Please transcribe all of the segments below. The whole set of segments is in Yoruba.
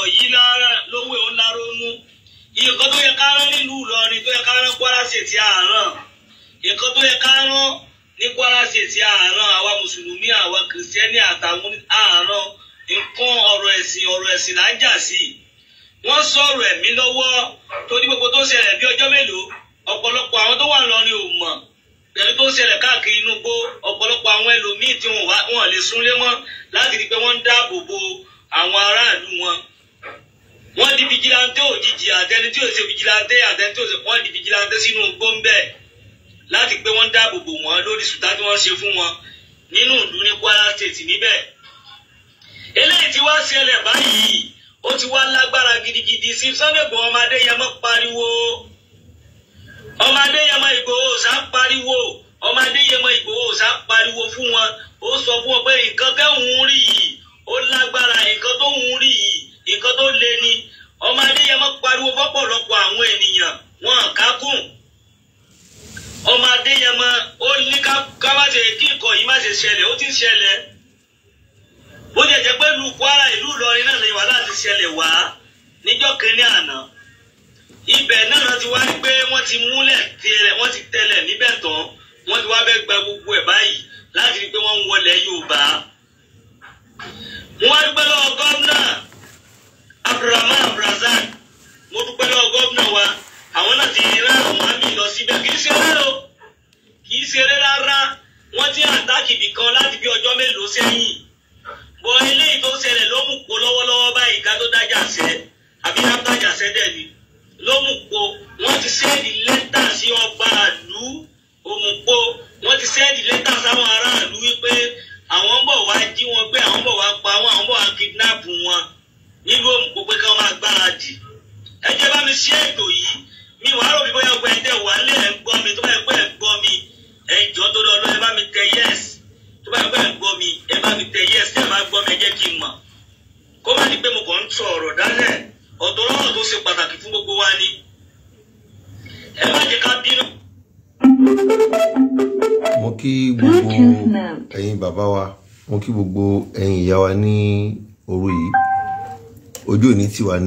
ọ̀rọ̀ yìí náà lówó ẹ̀ ó náró nú nǹkan tó yẹ kárán nílùú Ìlọrin tó yẹ kárán Kwara ṣètì àárán nǹkan tó yẹ kárán ní Kwara ṣètì àárán àwa mùsùlùmí àwa kìrìsìtẹ́nì àtàwọn àárán nǹkan ọ̀rọ̀ ẹ̀sìn ọ̀rọ̀ ẹ̀sìn là ń jà sí wọ́n sọ̀rọ̀ ẹ̀mí lọ́wọ́ torí gbogbo tó ṣẹlẹ̀ bí ọjọ́ mélòó ọ̀pọ̀lọpọ̀ àwọn tó wà lọ́rin ò mọ̀ pẹ̀lú tó ṣẹlẹ̀ káàkiri inú gbó ọ̀pọ̀lọpọ̀ àwọn ẹlòmíín tí wọ́n lè súnlé wọn láti rí pé wọ́n ń dáàbò bo àwọn aráàlú wọn wọ́n di fìjìláńtẹ́ òjijì àtẹni tí ò ṣe fìjìláńtẹ́ àtẹni tí ò ṣe wọ́n di fìjìláńtẹ́ sínú gbọ́ńbẹ́ láti pé wọ́n dáàbò bò wọ́n lórí sùtá tí wọ́n ṣe fún wọn nínú ìlú ní Kwara State níbẹ̀ eléyìí ti wá ṣẹlẹ̀ báyìí ó ti wá lágbára gidigidi sí sọ́dẹ̀gbọ́ ọmọdé yẹn mọ́ pariwo ọmọdé yẹn mọ́ Ìgbòho ṣá pariwo ọmọdé yẹn mọ́ Ìgbòho ṣá pariwo fún wọn ó sọ fún wọn pé nǹkan kẹ́hùn rí yìí ó lágbára nǹkan tó hùn rí yìí nǹkan tó le ni ọmọ adéyẹmọ pariwo fọ́pọ̀lọpọ̀ àwọn ènìyàn wọn kákùn ọmọ adéyẹmọ ó ní ká má ṣe kí nǹkan yìí má ṣe ṣẹlẹ̀ ó ti ń ṣẹlẹ̀ bó ṣe jẹ́ pé ìlú Kwara ìlú Ìlọrin náà lè wà láti ṣẹlẹ̀ wá níjọ́ kínní àná ibẹ̀ náà ti wá rí pé wọ́n ti múlẹ̀ tẹ́lẹ̀ wọ́n ti tẹ́lẹ̀ níbẹ̀ tán wọ́n ti wá fẹ́ gba gbogbo ẹ̀ báyìí láti rí pé wọ́n ń wọlé Yorùbá wọ́n á rí pé lọ́wọ́ gómìnà.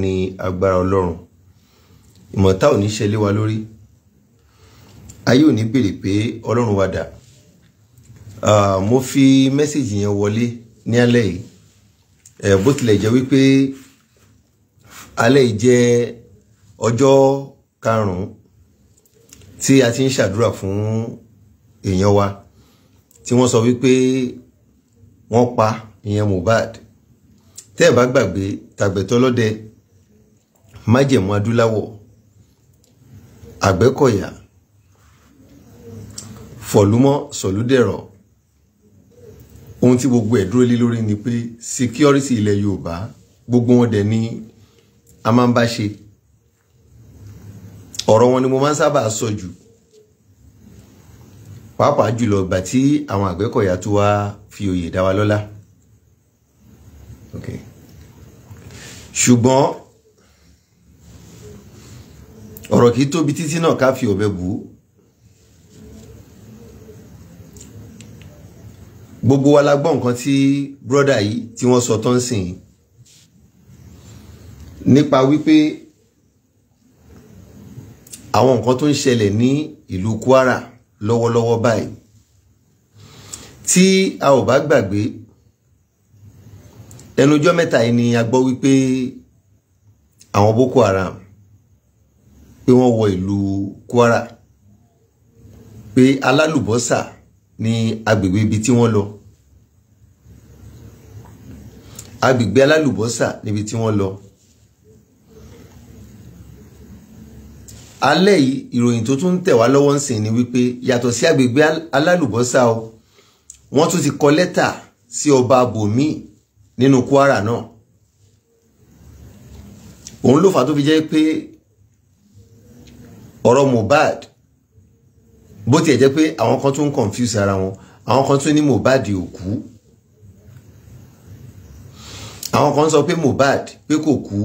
ní agbára ọlọ́run ìmọ̀ta ò ní ṣẹlẹ̀ wa lórí ayé ò ní béèrè pé ọlọ́run wa dà mo fi mẹ́sẹ̀gì yẹn wọlé ní alẹ́ yìí bó tilẹ̀ jẹ́ wípé alẹ́ yìí jẹ́ ọjọ́ karùn-ún tí a ti ń ṣàdúrà fún èèyàn wa tí wọ́n sọ wípé wọ́n pa ìyẹn Mohbad tẹ́ ẹ̀ bá gbàgbé tàgbẹ̀tọ́ lọ́dẹ májẹ̀mú adúláwọ̀ àgbẹ̀kọ̀yà fọ̀lúmọ́ sọ̀lúdẹ̀rọ̀ ohun tí gbogbo ẹ̀ dúró lé lórí ni pé security ilẹ̀ Yorùbá gbogbo wọn dẹ̀ ni a máa ń bá ṣe ọ̀rọ̀ wọn ni mo máa ń sábà sọ jù pàápàá jùlọ ìgbà tí àwọn àgbẹ̀kọ̀yà tó wá fi oyè dá wa lọ́lá ṣùgbọ́n. Okay ọ̀rọ̀ kì í tóbi títí náà ká fi ọ̀bẹ bù ú gbogbo wa la gbọ́ nǹkan tí brọ́dà yìí tí wọ́n sọ tó ń sìn nípa wípé àwọn nǹkan tó ń ṣẹlẹ̀ ní ìlú Kwara lọ́wọ́lọ́wọ́ báyìí tí a ò bá gbàgbé ẹnujọ́ mẹ́ta yìí ni a gbọ́ wípé àwọn Boko Haram pé wọ́n wọ ìlú Kwara pé alálùbọ́sà ní agbègbè ibi tí wọ́n lọ agbègbè alálùbọ́sà níbi tí wọ́n lọ alẹ́ yìí ìròyìn tó tún ń tẹ̀ wá lọ́wọ́ ń sìn ni wípé yàtọ̀ sí agbègbè alálùbọ́sà o wọ́n tún ti kọ lẹ́tà sí ọba abòmí nínú Kwara náà òun ló fà tó fi jẹ́ pé ọ̀rọ̀ Mohbad bó tiẹ̀ jẹ́ pé àwọn kan tún ń confuse ara wọn àwọn kan tún ní Mohbad ò kú àwọn kan sọ pé Mohbad pé kò kú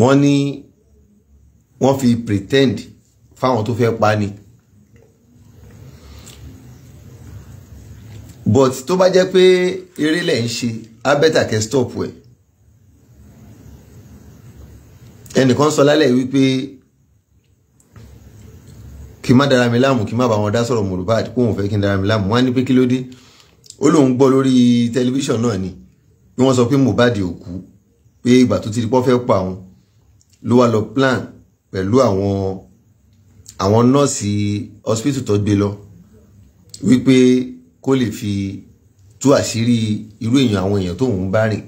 wọ́n ní wọ́n fi pretend fáwọn tó fẹ́ pa ni but tó bá jẹ́ pé eré lẹ̀ ń ṣe abẹ́tàkẹ́ stop ẹ̀ ẹnìkan sọ lálẹ́ wípé kí n má dara mi láàmú kí n má bá wọn dá sọ̀rọ̀ Mohbad kó wọn fẹ́ kí n dara mi láàmú wọn á ní pé kí ló dé ó lóun gbọ́ lórí tẹlifíṣàn náà ni bí wọ́n sọ pé Mohbad ò kú pé ìgbà tó ti di pọ́ fẹ́ pa òun ló wá lọ plan pẹ̀lú àwọn àwọn nọ́ọ̀sì hospital tó gbé lọ wípé kó lè fi tú àṣírí irú èèyàn àwọn èèyàn tóun bá rìn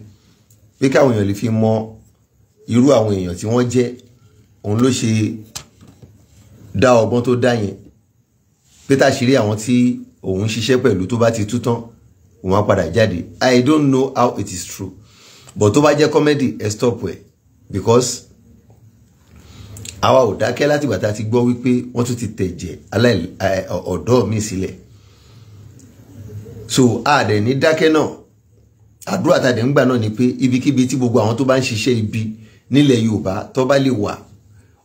pé káwọn èèyàn lè fi mọ irú àwọn èèyàn tí wọ́n jẹ́ òun ló ṣe dá ọgbọ́n tó dá yẹn pété àṣírí àwọn tí òun ṣiṣẹ́ pẹ̀lú tó bá ti tú tán òun á padà jáde i don't know how it is true but tó bá jẹ́ comedy ẹ stop ẹ because àwa ò dákẹ́ látìgbà tá a ti gbọ́ wípé wọ́n tún ti tẹ̀jẹ̀ ọ̀dọ́ mi sílẹ̀ so àdẹ̀ ní dákẹ́ náà àdúrà tàdé ń gbà náà ni pé ibikíbi tí gbogbo àwọn tó bá ń ṣiṣẹ́ ibi nílẹ̀ Yorùbá tó bá lè wà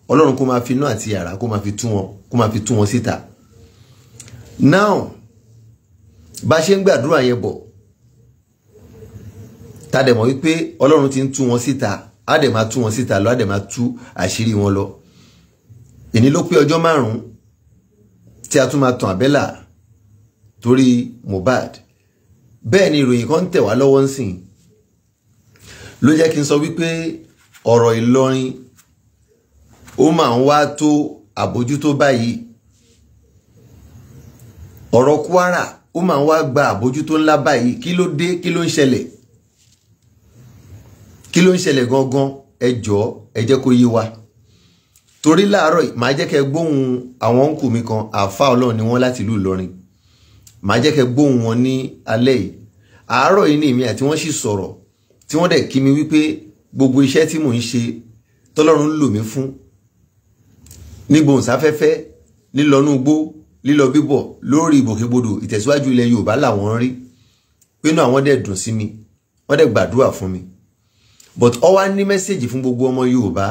ọlọ́run kó máa fi iná àti yàrá kó máa fi tú wọn kó máa fi tú wọn síta now bá a ṣe ń gbàdúrà yẹn bọ̀ tá a dẹ̀ mọ̀ wípé ọlọ́run ti ń tú wọn síta á dẹ̀ máa tú wọn síta lọ á dẹ̀ máa tú àṣírí wọn lọ èní ló pé ọjọ́ márùn-ún tí a tún máa tan àbẹ́là torí Mohbad bẹ́ẹ̀ ni ìròyìn kan ń tẹ̀ wá lọ́wọ́ ń sìn ló jẹ́ kí n sọ wípé ọ̀rọ̀ Ìlọrin ó máa ń wá tó àbójútó báyìí ọ̀rọ̀ Kwara ó máa ń wá gba àbójútó ńlá báyìí kí ló dé kí ló ń ṣẹlẹ̀ kí ló ń ṣẹlẹ̀ gangan ẹ jọ̀ọ́ ẹ jẹ́ kó yé wa torí láàárọ̀ màá jẹ́ kẹ́ gbóhùn àwọn ọ̀nkù mi kan àáfàá ọlọ́run ni wọ́n láti ìlú Ìlọrin màá jẹ́ kẹ́ gbóhùn wọn ní alẹ́ yìí àárọ̀ yìí ni èmi àti wọ́n sì sọ̀rọ̀ tí wọ́n dẹ̀ kí mi wípé gbogbo iṣẹ́ tí mò ń ṣe tọ́lọ́run lò mí fún ní gbòǹsáfẹ́fẹ́ lílọ́núgbó lílọ bíbọ̀ lórí ìgbòkègbodò ìtẹ̀síwájú ilẹ̀ Yorùbá làwọn rí pinnu àwọn dẹ̀ dùn sí mi wọ́n dẹ̀ gbàdúrà fún mi but ó wá ní mẹ́sẹ̀gì fún gbogbo ọmọ Yorùbá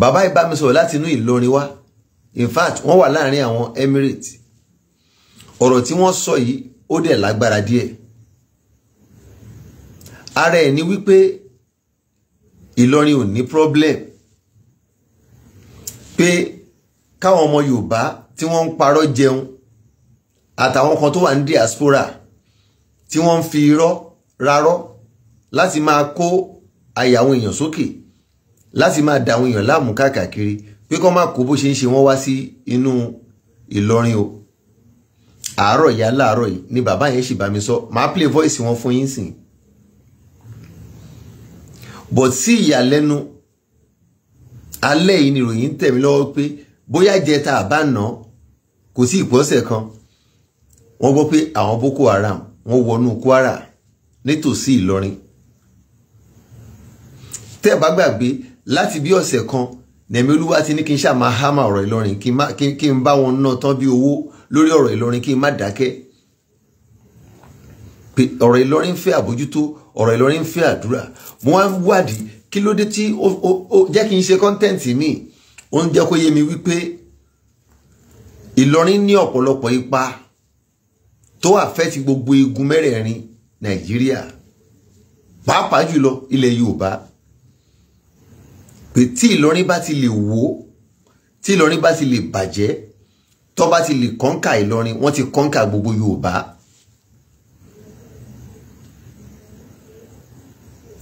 bàbá yìí bá mi sọ̀rọ̀ láti inú Ìlọrin wá in fact wọ́n wà láàrin àwọn emirate ọ̀rọ̀ tí wọ́n sọ yìí ó dẹ̀ lágbára díẹ̀ ara ẹ̀ ni wípé Ìlọrin ò ní problem pé káwọn ọmọ Yorùbá tí wọ́n ń parọ́ jẹun àtàwọn kan tó wà ní diaspora tí wọ́n ń fi irọ́ rárọ́ láti máa kó àyàwọn èèyàn sókè láti máa dà èèyàn láàmú káàkiri pé kọ́ máa kó bó ṣe ń ṣe wọ́n wá sí inú Ìlọrin o àárọ̀ ìyá láàárọ̀ yìí ni bàbá yẹn sì bá mi sọ màá play voice wọn fún yín sìn but sí ìyàlẹ́nu alẹ́ yìí ni ìròyìn ń tẹ̀ mí lọ́wọ́ pé bóyá jẹta àbáná kò sí ìpọ́sẹ̀ kan wọ́n gbọ́ pé àwọn Boko Haram wọ́n wọnú Kwara nítòsí Ìlọrin tẹ́ ẹ̀ bá gbàgbé láti bí ọ̀sẹ̀ kan nẹ̀mí olúwa ti ní kí n ṣáà máa hámà ọ̀rọ̀ Ìlọrin kí n bá wọn ná tán bí owó lórí ọ̀rọ̀ Ìlọrin kí n má dákẹ́ ọ̀rọ̀ Ìlọrin fẹ́ àbójútó ọ̀rọ̀ Ìlọrin fẹ́ àdúrà mo wádìí kí ló dé tí ó jẹ́ kí n ṣe kọ́ńtẹ́ǹtì mi ó ń jẹ́ kó yé mi wípé Ìlọrin ní ọ̀pọ̀lọpọ̀ ipa tó àfẹ́tì gbogbo igun mẹ́rẹ̀ẹ̀rin Nàìjíríà pàápàá jùlọ ilẹ̀ Yorùbá pé tí Ìlọrin bá ti lè wó tí Ìlọrin bá ti lè bàjẹ́ tó bá ti lè kọ́ńkà Ìlọrin wọ́n ti kọ́ńkà gbogbo Yorùbá.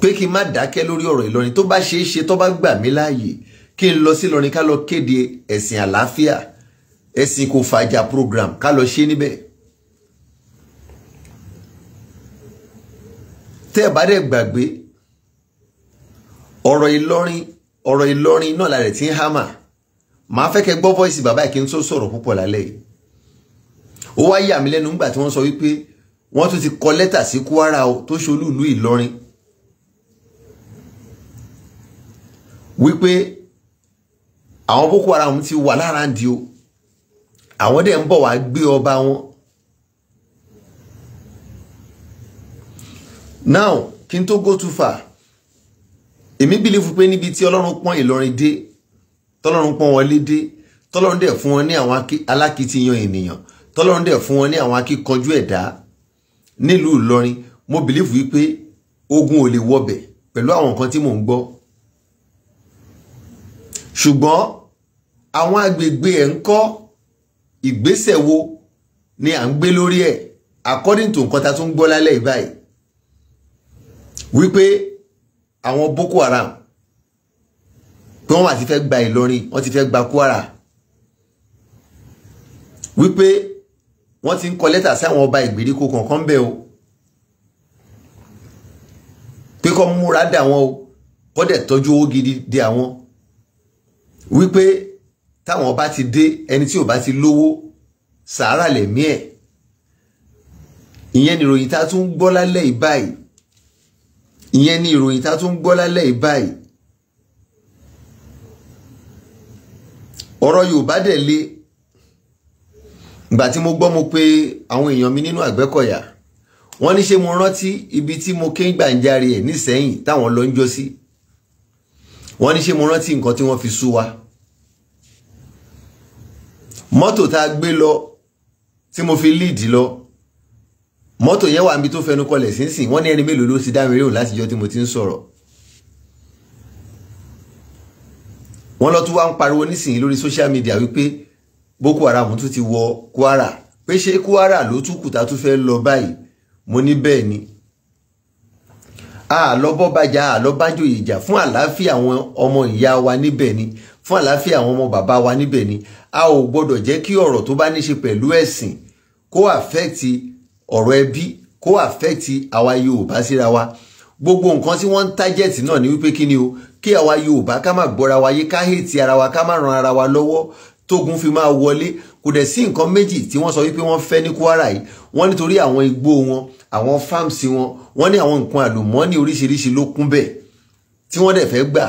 pé kí n má dákẹ́ lórí ọ̀rọ̀ Ìlọrin tó bá ṣeé ṣe tó bá gbà mí láàyè kí n lọ sí Ìlọrin ká lọ kéde ẹ̀sìn àlàáfíà ẹ̀sìn kò fàjà program ká lọ ṣe níbẹ̀. tẹ́ ẹ̀ bá dẹ̀ gbàgbé ọ̀rọ̀ Ìlọrin ọ̀rọ̀ Ìlọrin náà la rẹ̀ ti ń hámà màá fẹ́ kẹ́ gbọ́ voice bàbá yìí kí n tó sọ̀rọ̀ púpọ̀ lálẹ́ yìí ó wá yà mí lẹ́nu nígbà tí wọ́n sọ wípé wọ́n tún ti kọ lẹ́tà sí Kwara tó ṣolú ìlú Ìlọrin wípé àwọn Boko Haram ti wà lára ń di o àwọn dẹ̀ ń bọ̀ wá gbé ọba wọn. now kí n tó go too far èmi bìlífù pé níbi tí Ọlọ́run pọ́n Ìlọrin dé tọ́lọ́run pọ́n wọlé dé tọ́lọ́run dẹ̀ fún wọn ní àwọn alákìtìyàn ènìyàn tọ́lọ́run dẹ̀ fún wọn ní àwọn akíkanjú ẹ̀dá nílùú Ìlọrin mo bìlífù wípé ogun ò lè wọbẹ̀ pẹ̀lú àwọn nǹkan tí mò ń gbọ́ ṣùgbọ́n àwọn agbègbè ẹ̀ ń kọ́ ìgbésẹ̀ wo ni à ń gbé lórí ẹ̀ according to nǹkan ta tún ń gbọ́ lálẹ́ ìbáyìí wípé àwọn Boko Haram pé wọ́n àti fẹ́ gba Ìlọrin wọ́n ti fẹ́ gba Kwara wípé wọ́n ti ń kọ lẹ́tà sí àwọn ọba ìgbèríko kọ̀ọ̀kan bẹ́ẹ̀ o pé kó múra dà wọ́n o kó dẹ̀ tọ́jú owó gidi dè àwọn wípé táwọn bá ti dé ẹni tí ò bá ti lówó sàárà lẹ̀mí ẹ̀ ìyẹn ni ìròyìn tá a tún gbọ́ lálẹ́ yìí báyìí ìyẹn ni ìròyìn tá a tún gbọ́ lálẹ́ yìí báyìí ọ̀rọ̀ Yorùbá dẹ̀ le ìgbà tí mo gbọ́ mo pé àwọn èèyàn mi nínú Àgbẹ̀kọ̀yà wọ́n ní ṣé mo rántí ibi tí mo ké ń gbàǹjarè ẹ̀ nísẹ́yìn táwọn lọ ń jó sí. Si wọ́n ní ṣé mo rántí nǹkan tí wọ́n fi sú wa mọ́tò tá a gbé lọ tí mo fi líìdì lọ mọ́tò yẹn wà níbi tó fẹnu kọlẹ̀ sínsìn wọ́n ní ẹni mélòó ló ti dá mi ríhùn látijọ́ tí mo ti ń sọ̀rọ̀ wọ́n lọ tún wá ń pariwo nísìnyí lórí social media wípé Boko Haram tún ti wọ Kwara pé ṣé Kwara ló tún kùtà tún fẹ́ lọ báyìí mo ní bẹ́ẹ̀ ni àlọ́bọ́bàjà àlọ́bájòyè ìjà fún àlàáfíà àwọn ọmọ ìyá wa níbẹ̀ ni fún àlàáfíà àwọn ọmọ bàbá wa níbẹ̀ ni a ò gbọ́dọ̀ jẹ́ kí ọ̀rọ̀ tó bá ní ṣe pẹ̀lú ẹ̀sìn kó àfẹ́ẹ̀tì ọ̀rọ̀ ẹbí kó àfẹ́ẹ̀tì àwa Yorùbá síra wa gbogbo nǹkan tí wọ́n ń tájẹ̀tì náà ni wípé kí ni o kí àwa Yorùbá ká má gbọ́ra wa yé ká hètì ara wa ká má ran ara wa lọ́wọ́ tógun fi máa wọlé kò dẹ̀ sí nǹkan méjì tí wọ́n sọ wípé wọ́n fẹ́ ní Kwara yìí wọ́n nítorí àwọn igbó wọn àwọn farms wọn wọ́n ní àwọn nǹkan àlùmọ́ọ́nì oríṣiríṣi ló kún bẹ́ẹ̀ tí wọ́n dẹ̀ fẹ́ gbà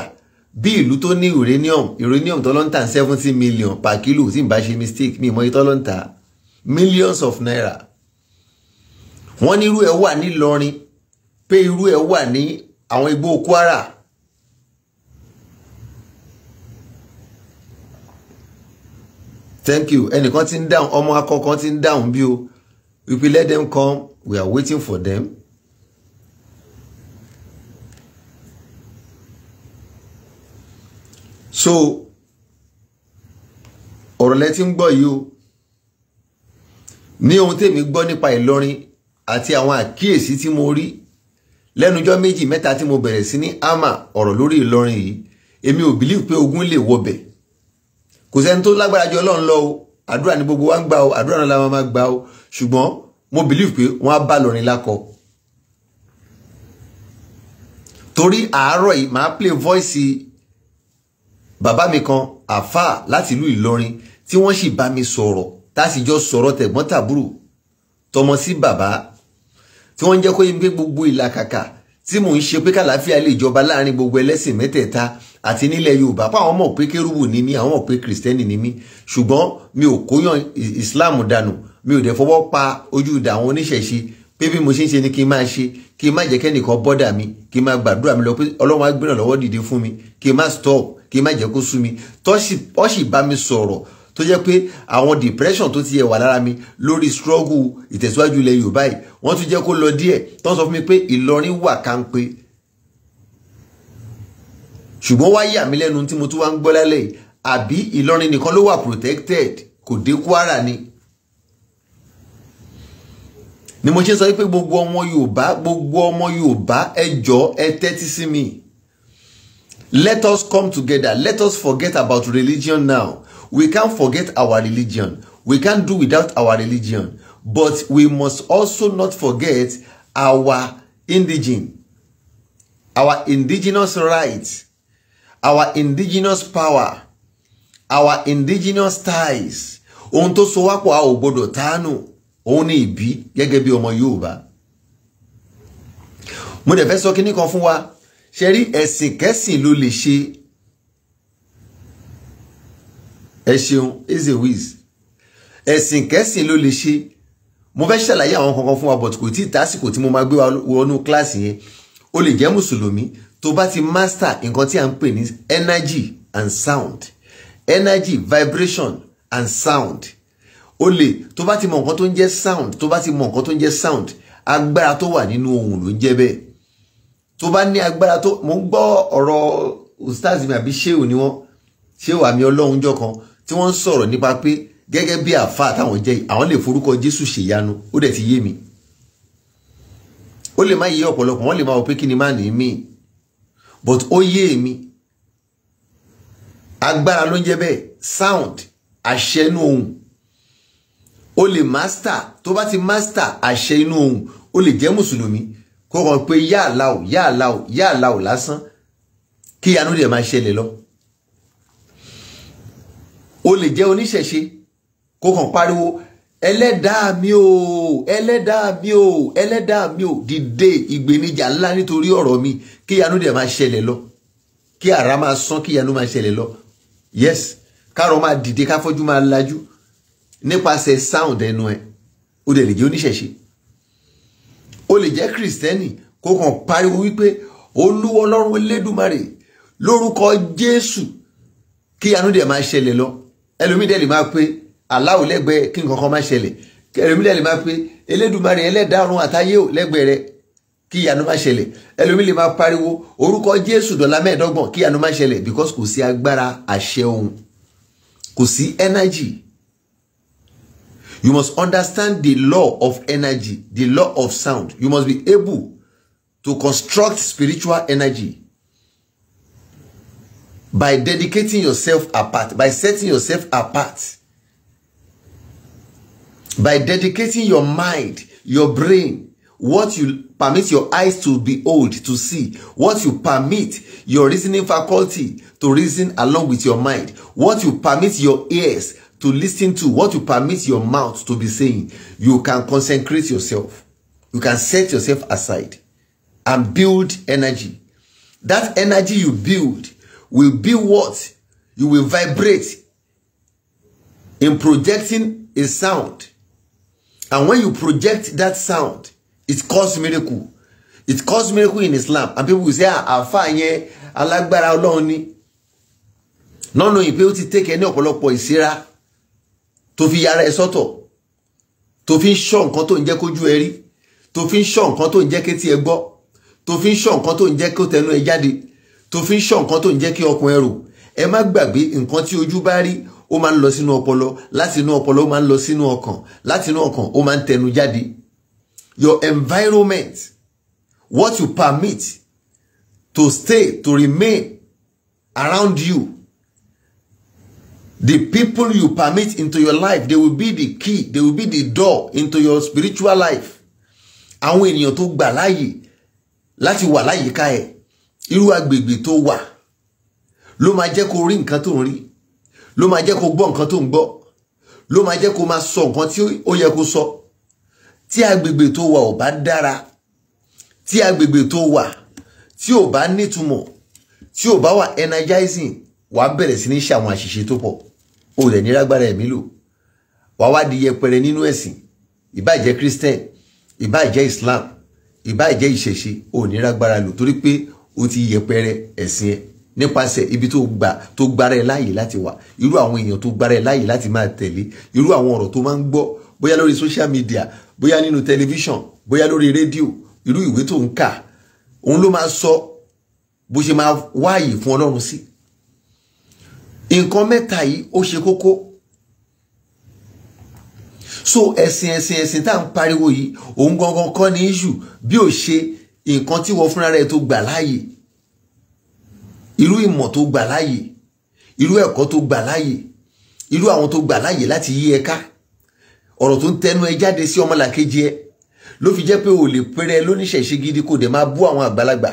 bí ìlú tó ní uranium uranium tó seventy million per kilo tí n bá ṣe mistake mi ìmọ̀ye tó ló millions of naira wọ́n ní irú ẹ̀ wà ní Ìlọrin pé irú ẹ̀ wà ní àwọn igbó Kwara thank you ẹnìkan ti ń dáhùn ọmọ akọkọ ti ń dáhùn bí o wípé let them come we are waiting for them. so ọ̀rọ̀ lẹ ti ń gbọ́ yìí o ní ohun tèmi gbọ́ nípa Ìlọrin àti àwọn àkíyèsí tí mo rí lẹ́nujọ́ méjì mẹ́ta tí mo bẹ̀rẹ̀ sí ní ama ọ̀rọ̀ lórí Ìlọrin yìí èmi ò bìlíì pé ogun lè wọbẹ̀ kò sẹ́ni tó lágbára ju ọlọ́run lọ o àdúrà ni gbogbo wa ń gbà o àdúrà náà la máa gbà o ṣùgbọ́n mo believe pé wọ́n á bá lọ́rin lákọ. torí àárọ̀ yìí màá play voice bàbá mi kan àfáà láti ìlú Ìlọrin tí wọ́n sì bá mi sọ̀rọ̀ tásìjọ sọ̀rọ̀ tẹ̀gbọ́n tàbúrò tọmọ sí bàbá tí wọ́n ń jẹ́ kó yé pé gbogbo ìlàkàkà tí mò ń ṣe pé kàlàáfíà lè jọba láàrin gbogbo ẹlẹ́sìn mẹ́tẹ̀ẹ̀ta àti nílẹ̀ yorùbá pa àwọn mọ̀ pé kérúbù ni mí àwọn mọ̀ pé kìrìsìtẹ́nì ni mí ṣùgbọ́n mi ò kóyàn islam dànù mi ò dẹ̀ fọwọ́ pa ojú ìdá àwọn oníṣẹ̀ṣe pé bí mo ṣe ń ṣe ni kí n máa ṣe kí n má jẹ́ kẹ́nìkan bọ́dà mi kí n má gbàdúrà mi lọ pé ọlọ́run á gbéra lọ́wọ́ dìde fún mi kí n má stop kí n má jẹ́ kó sú mi tọ́ sì bá mi sọ̀rọ̀ tó jẹ́ pé àwọn depression tó ti yẹ wà lára mi lórí struggle ìtẹ̀síwájú ilẹ̀ yorùbá yìí wọ́n tún jẹ́ kó lọ díẹ̀ tó ń sọ fún mi pé ìlọrin wà kánpé ṣùgbọ́n wá yà lẹ́nu tí mo tún wá ń gbọ́ lálẹ́ yìí àbí Ìlọrin nìkan ló wà protected kò dé Kwara ni ni mo ṣe sọ pé gbogbo ọmọ Yorùbá gbogbo ọmọ Yorùbá ẹ ẹ tẹ́tí sí mi let us come together let us forget about religion now we can't forget our religion we can't do without our religion but we must also not forget our indigene our indigenous rights our indigenous power our indigenous ties ohun tó so wápọ̀ a ò gbọdọ̀ tánù òun ni ìbí gẹ́gẹ́ bí ọmọ Yorùbá mo dẹ̀ fẹ́ sọ kinní kan fún wa ṣe rí ẹ̀sìn kẹ́sìn ló lè ṣe ẹ ṣeun eze wiz ẹ̀sìn kẹ́sìn ló lè ṣe mo fẹ́ ṣàlàyé àwọn kankan fún wa but kò tí ì tásìkò tí mo máa gbé wa wọnú kíláàsì yẹn o lè jẹ́ mùsùlùmí tó bá ti master nǹkan tí a ń pè ní energy and sound energy vibration and sound o lè tó bá ti mọ nǹkan tó ń jẹ́ sound tó bá ti mọ nǹkan tó ń jẹ́ sound agbára tó wà nínú ohun ló ń jẹ́ bẹ́ẹ̀ tó bá ní agbára tó mò ń gbọ́ ọ̀rọ̀ ustaz mi àbí sheu ni wọ́n sheu àmì ọlọ́run jọ kan tí wọ́n ń sọ̀rọ̀ nípa pé gẹ́gẹ́ bí àfa àtàwọn jẹ́ àwọn lè forúkọ jésù ṣèyanu ó dẹ̀ ti yé mi ó lè má yé ọ̀pọ̀lọpọ̀ wọ́n lè máa wọ pé kí ni má nìí míì but ó yé èmi agbára ló ń jẹ́ sound àṣẹ inú ohùn o lè master tó bá ti master àṣẹ inú ohùn o lè jẹ́ mùsùlùmí kó kàn pé yáàlá o yáàlá o yáàlá o lásán kí ìyanu rẹ̀ máa ṣẹlẹ̀ lọ o lè jẹ́ oníṣẹ̀ṣe kó kàn pariwo ẹlẹ́dàá mi o ẹlẹ́dàá mi o ẹlẹ́dàá mi o dìde ìgbénijà ńlá nítorí ọ̀rọ̀ mi kí ìyanu dẹ̀ máa ṣẹlẹ̀ lọ kí àrá máa sán kí ìyanu máa ṣẹlẹ̀ lọ yes kárọ̀ máa dìde káfọ́jú máa lajú nípasẹ̀ sound ẹnu ẹ o dẹ̀ lè jẹ́ oníṣẹ̀ṣe o lè jẹ́ kìrìsìtẹ́nì kó kàn pariwo wípé olúwa ọlọ́run elédùmarè lórúkọ jésù kí ìyanu dẹ̀ máa ṣẹlẹ̀ lọ ẹlòmídẹ̀ lè máa pé aláwo lẹ́gbẹ̀ẹ́ kí nǹkan kan má ṣẹlẹ̀ ẹlòmílẹ̀ lè máa pe elédùnmarè ẹlẹ́dàrún àtayé ò lẹ́gbẹ̀ẹ́ rẹ kí ìyanu má ṣẹlẹ̀ ẹlòmí lè máa pariwo orúkọ Jésù dọ̀là mẹ́ẹ̀ẹ́dọ́gbọ̀n kí ìyanu má ṣẹlẹ̀ because kò sí agbára àṣẹ ohun kò sí energy you must understand the law of energy the law of sound you must be able to construct spiritual energy by dedicating yourself apart by setting yourself apart by dedicating your mind your brain what you permit your eyes to be old to see what you permit your reasoning faculty to reason along with your mind what you permit your ears to listen to what you permit your mouth to be saying you can consecrate yourself you can set yourself aside and build energy that energy you build will be what you will vibrate in projecting a sound And when you project that sound, it cause miracle. It cause miracle in Islam. And people will say, ah, àfa yẹn alágbára Ọlọ́run ni. Nọ́nà yìí pé ó ti tẹ́kẹ̀ ní ọ̀pọ̀lọpọ̀ ìsira tó fi yára ẹ sọ́tọ̀ tó fi ń ṣọ́ nǹkan tó ń jẹ́ kójú ẹ rí tó fi ń ṣọ́ nǹkan tó ń jẹ́ kétí ẹ gbọ́ tó fi ń ṣọ́ nǹkan tó ń jẹ́ kó tẹnu ẹ jáde tó fi ń ṣọ́ nǹkan tó ń jẹ́ kí ọkùn rò ẹ má gbàgbé nǹkan tí ojú bá rí ó máa ń lọ sínú ọpọlọ láti inú ọpọlọ ó máa ń lọ sínú ọkàn láti inú ọkàn ó máa ń tẹnu jáde your environment what you permit to stay to remain around you the people you permit into your life they will be the key they will be the door into your spiritual life àwọn ènìyàn tó gbà láàyè láti wà láyìíká ẹ irú agbègbè tó wà ló máa jẹ́ kó rí nǹkan tó ń rí ló máa jẹ́ kó gbọ́ nǹkan tó ń gbọ́ ló máa jẹ́ kó máa sọ nǹkan tí ó yẹ kó sọ tí agbègbè tó wà ò bá dára tí agbègbè tó wà tí ò bá nítumọ̀ tí ò bá wà energizing wà á bẹ̀rẹ̀ sí ní ṣe àwọn àṣìṣe tó pọ̀ o rẹ̀ ní lágbára ẹ̀mí lò wà á wá di yẹpẹrẹ nínú ẹ̀sìn ìbá Christian ìbá Islam ìbá jẹ́ ìṣẹ̀ṣe o ní lágbára lò torí pé o ti yẹpẹrẹ ẹ̀sìn ẹ̀ nípasẹ̀ ibi tó gbà tó gbára ẹ láàyè láti wà irú àwọn èèyàn tó gbára ẹ láàyè láti máa tẹ̀lé irú àwọn ọ̀rọ̀ tó máa ń gbọ́ bóyá lórí social media bóyá nínú tẹlifíṣàn bóyá lórí rédíò irú ìwé tó ń kà òun ló máa sọ bó ṣe máa wáàyè fún Ọlọ́run sí nǹkan mẹ́ta yìí ó ṣe kókó so ẹ̀sìn ẹ̀sìn ẹ̀sìn tá à ń pariwo yìí òun gangan kọ́ ní iṣu bí ó ṣe nǹkan tí wọ́n fúnra rẹ̀ tó gbà láàyè irú ìmọ̀ tó gbà láàyè irú ẹ̀kọ́ tó gbà láàyè irú àwọn tó gbà láàyè láti yí ẹ ká ọ̀rọ̀ tó ń tẹnu ẹ jáde sí ọmọlàkejì ẹ ló fi jẹ́ pé o lè péré lóníṣẹ̀ṣe gidi kó dẹ̀ máa bú àwọn àgbàlagbà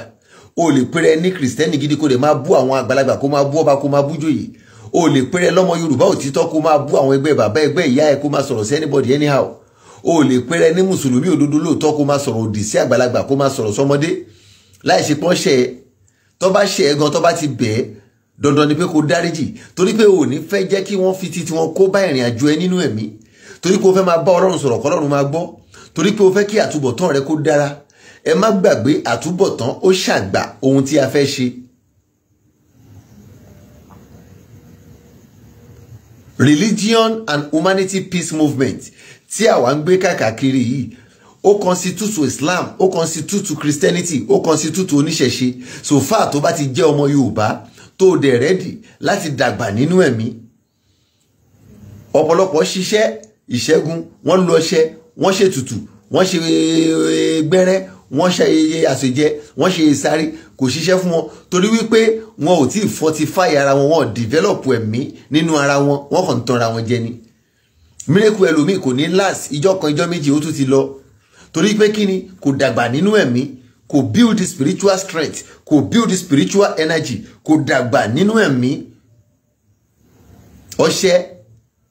o lè péré ní kìrìsìtẹ́nì gidi kó dẹ̀ máa bú àwọn àgbàlagbà kó máa bú ọba kó máa bú jòyè o lè péré lọ́mọ yorùbá òtítọ́ kó máa bú àwọn ẹgbẹ́ bàbá ẹgbẹ́ ìyá ẹ kó máa sọ̀rọ̀ sí anybody anyhow o lè péré ní mùsùlùmí òdodo lóòótọ́ kó máa sọ̀rọ̀ òdì sí àgbàlagbà kó máa sọ̀rọ̀ sọmọdé láì ṣe pọ́nṣẹ́ tó bá ṣe ẹ̀gan tó bá ti bẹ̀ẹ́ dandan ni pé kó dáríjì torí pé o ò ní fẹ́ jẹ́ kí wọ́n fi titi wọn kó bá ìrìn àjò ẹ nínú ẹ̀mí torí pé o fẹ́ máa bá ọlọ́run sọ̀rọ̀ kọ́lọ́run máa gbọ́ torí pé o fẹ́ kí àtúbọ̀tán rẹ kó dára ẹ má gbàgbé àtúbọ̀tán ó ṣàgbà ohun tí a fẹ́ ṣe. Religion and Humanity Peace Movement tí àwa ń gbé kàkàkiri yìí ó constitute islam ó constitute christianity ó constitute oníṣẹ̀ṣe so far tó bá ti jẹ́ ọmọ yorùbá tó dẹ̀ rẹ́dì láti dàgbà nínú ẹ̀mí ọ̀pọ̀lọpọ̀ ṣiṣẹ́ ìṣẹ́gun wọ́n lu ọṣẹ wọ́n ṣètùtù wọ́n ṣe e, gbẹ́rẹ́ wọ́n ṣe àṣejẹ wọ́n ṣe sáré kò ṣiṣẹ́ fún wọn torí wípé wọn ò tí ì fortify ara wọn wọn develop ẹ̀mí nínú ara wọn wọn kàn ń tanra wọn jẹ ni miracle ẹlòmíì kò ní last ìjọ kan ìjọ méjì ó tún ti lọ torí pé kí ni kò dàgbà nínú ẹ̀mí kò build spiritual strength kò build spiritual energy kò dàgbà nínú ẹ̀mí ọṣẹ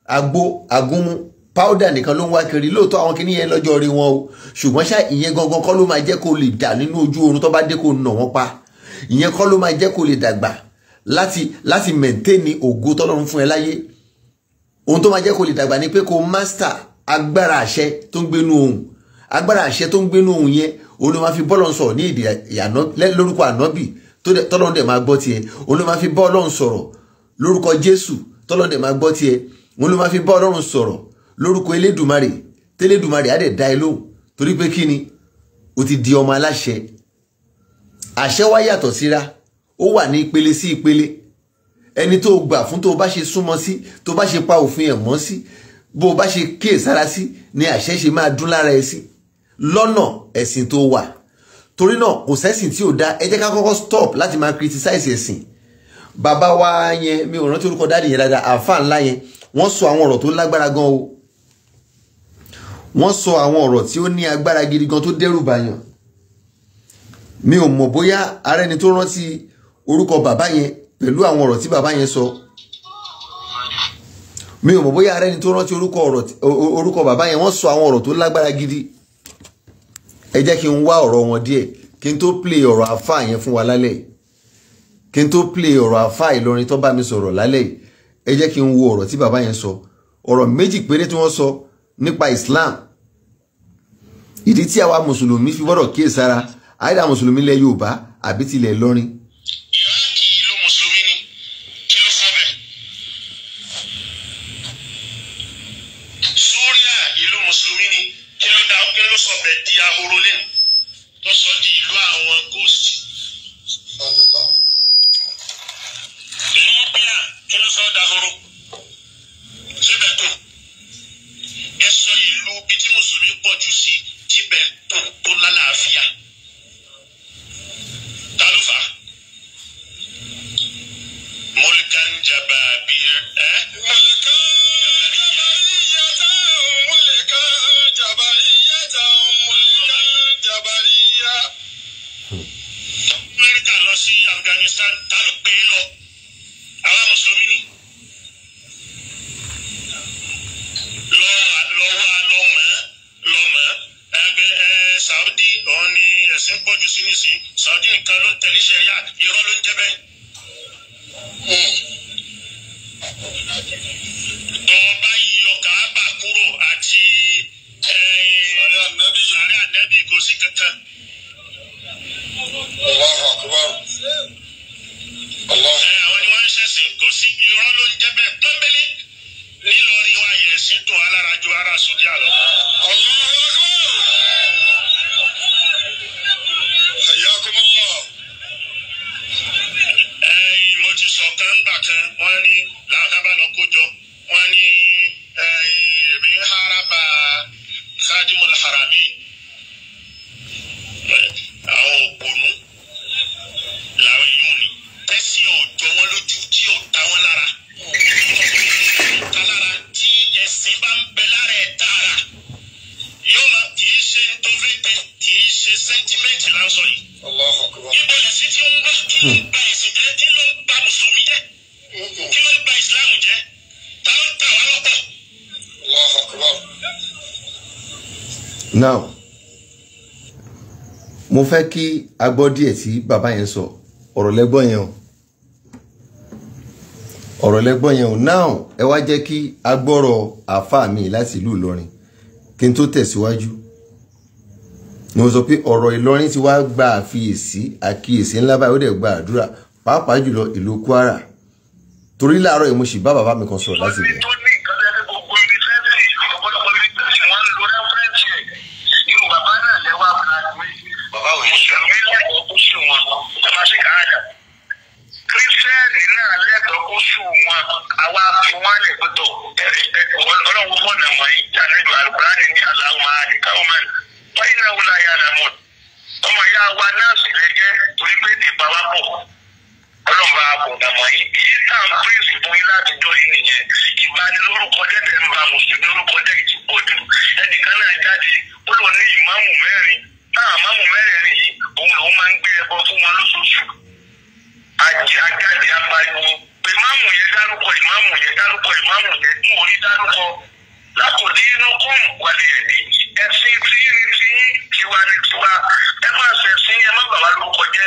agbo agúnmu powder nìkan ló ń wá kiri lóòótọ́ àwọn kìíní yẹn lọ́jọ́ orí wọn o ṣùgbọ́n ṣá ìyẹn gangan kọ́ ló máa jẹ́ kó lè dà nínú ojú oorun tó bá dé kó nà wọ́n pa ìyẹn kọ́ ló máa jẹ́ kó lè dàgbà láti láti maintain ògo tọ́lọ́run fún ẹ láyé ohun tó máa jẹ́ kó lè dàgbà ni pé kó master agbára àṣẹ tó ń gbénu ohun agbára àṣẹ tó ń gbénú òun yẹn òun ló máa fi bọ́ọ̀lù sọ̀rọ̀ ní èdè lórúkọ ànábì tọ́lọ́run dẹ̀ máa gbọ́ tiẹ̀ òun ló máa fi bọ́ọ̀lù sọ̀rọ̀ lórúkọ jésù tọ́lọ́run dẹ̀ máa gbọ́ tiẹ̀ òun ló máa fi bọ́ọ̀lù sọ̀rọ̀ lórúkọ elédùmarè télédùmarè á dẹ̀ dá ẹ lóhùn torí pé kí ni o ti di ọmọ aláṣẹ àṣẹ wá yàtọ̀ síra ó wà ní ìpele sí ìpele ẹni tó gbà fún tó bá ṣe súnmọ́ sí tó bá ṣe pa òfin ẹ̀ mọ́ sí bó o bá ṣe kíyèsára sí ni àṣẹ ṣe máa dún lára ẹ sí lọ́nà ẹ̀sìn tó wà torí náà kò sẹ́sìn tí ò da ẹ jẹ́ ká kọ́kọ́ stop láti máa criticize ẹ̀sìn bàbá wa yẹn mi ò rántí orúkọ dáàdì yẹn dáadáa àáfàá ńlá yẹn wọ́n sọ àwọn ọ̀rọ̀ tó lágbára gan o wọ́n sọ àwọn ọ̀rọ̀ tí ó ní agbára gidi gan tó dẹ́rù bàyàn mi ò mọ̀ bóyá ara ẹni tó rántí orúkọ bàbá yẹn pẹ̀lú àwọn ọ̀rọ̀ tí bàbá yẹn sọ mi ò mọ̀ bóyá ara ẹni tó rántí orúkọ bàbá yẹn wọ́n sọ àwọn ọ̀rọ̀ tó lágbára gidi ẹ jẹ́ kí n wá ọ̀rọ̀ wọn díẹ̀ kí n tó play ọ̀rọ̀ àfáà yẹn fún wa lálẹ́ kí n tó play ọ̀rọ̀ àfáà Ìlọrin tó bá mi sọ̀rọ̀ lálẹ́ ẹ jẹ́ kí n wo ọ̀rọ̀ tí bàbá yẹn sọ ọ̀rọ̀ méjì péré tí wọ́n sọ nípa Islam ìdí tí àwa mùsùlùmí fi gbọ́dọ̀ kíyèsára àìdá mùsùlùmí lẹ Yorùbá àbí tilẹ̀ Ìlọrin kò sí irọ́ ló ń now mo fẹ́ kí a gbọ́ díẹ̀ tí bàbá yẹn sọ ọ̀rọ̀ lẹ́gbọ́n yẹn o ọ̀rọ̀ lẹ́gbọ́n yẹn o now ẹ wá jẹ́ kí a gbọ́rọ̀ àáfàá mi láti ìlú Ìlọrin kí n tó tẹ̀síwájú ni mo sọ pé ọ̀rọ̀ Ìlọrin ti wá gba àfiyèsí àkíyèsí ńlá báyìí ó dẹ̀ gba àdúrà pàápàá jùlọ ìlú Kwara torí láàárọ̀ yìí mo sì bá bàbá mi kan sọ̀rọ̀ láti ibẹ̀. ọ̀gá wọ̀nyí tá à ń pè ìṣùgbọ́n yín látijọ́ yìí nìyẹn ìbanilórúkọ jẹ́ tẹ̀ ń ba mùsùlùmí lórúkọ jẹ́ ìtìpọ̀jù ẹnìkan náà jáde ó lò ní ìmáàmù mẹ́rin a ìmáàmù mẹ́rin yìí òun lòun máa ń gbé ẹbọ fún wọn lóṣooṣù àjáde apariwo ìmáàmù yẹn dárúkọ ìmáàmù yẹn dárúkọ ìmáàmù yẹn tún orí dárúkọ lákòdí inú kún wàlẹ̀ ẹ̀dí ẹ̀sìn tí yìí ti yín tiwa ni tiwa ẹ má ṣẹ̀sìn ẹ má bàbá lórúkọ jẹ́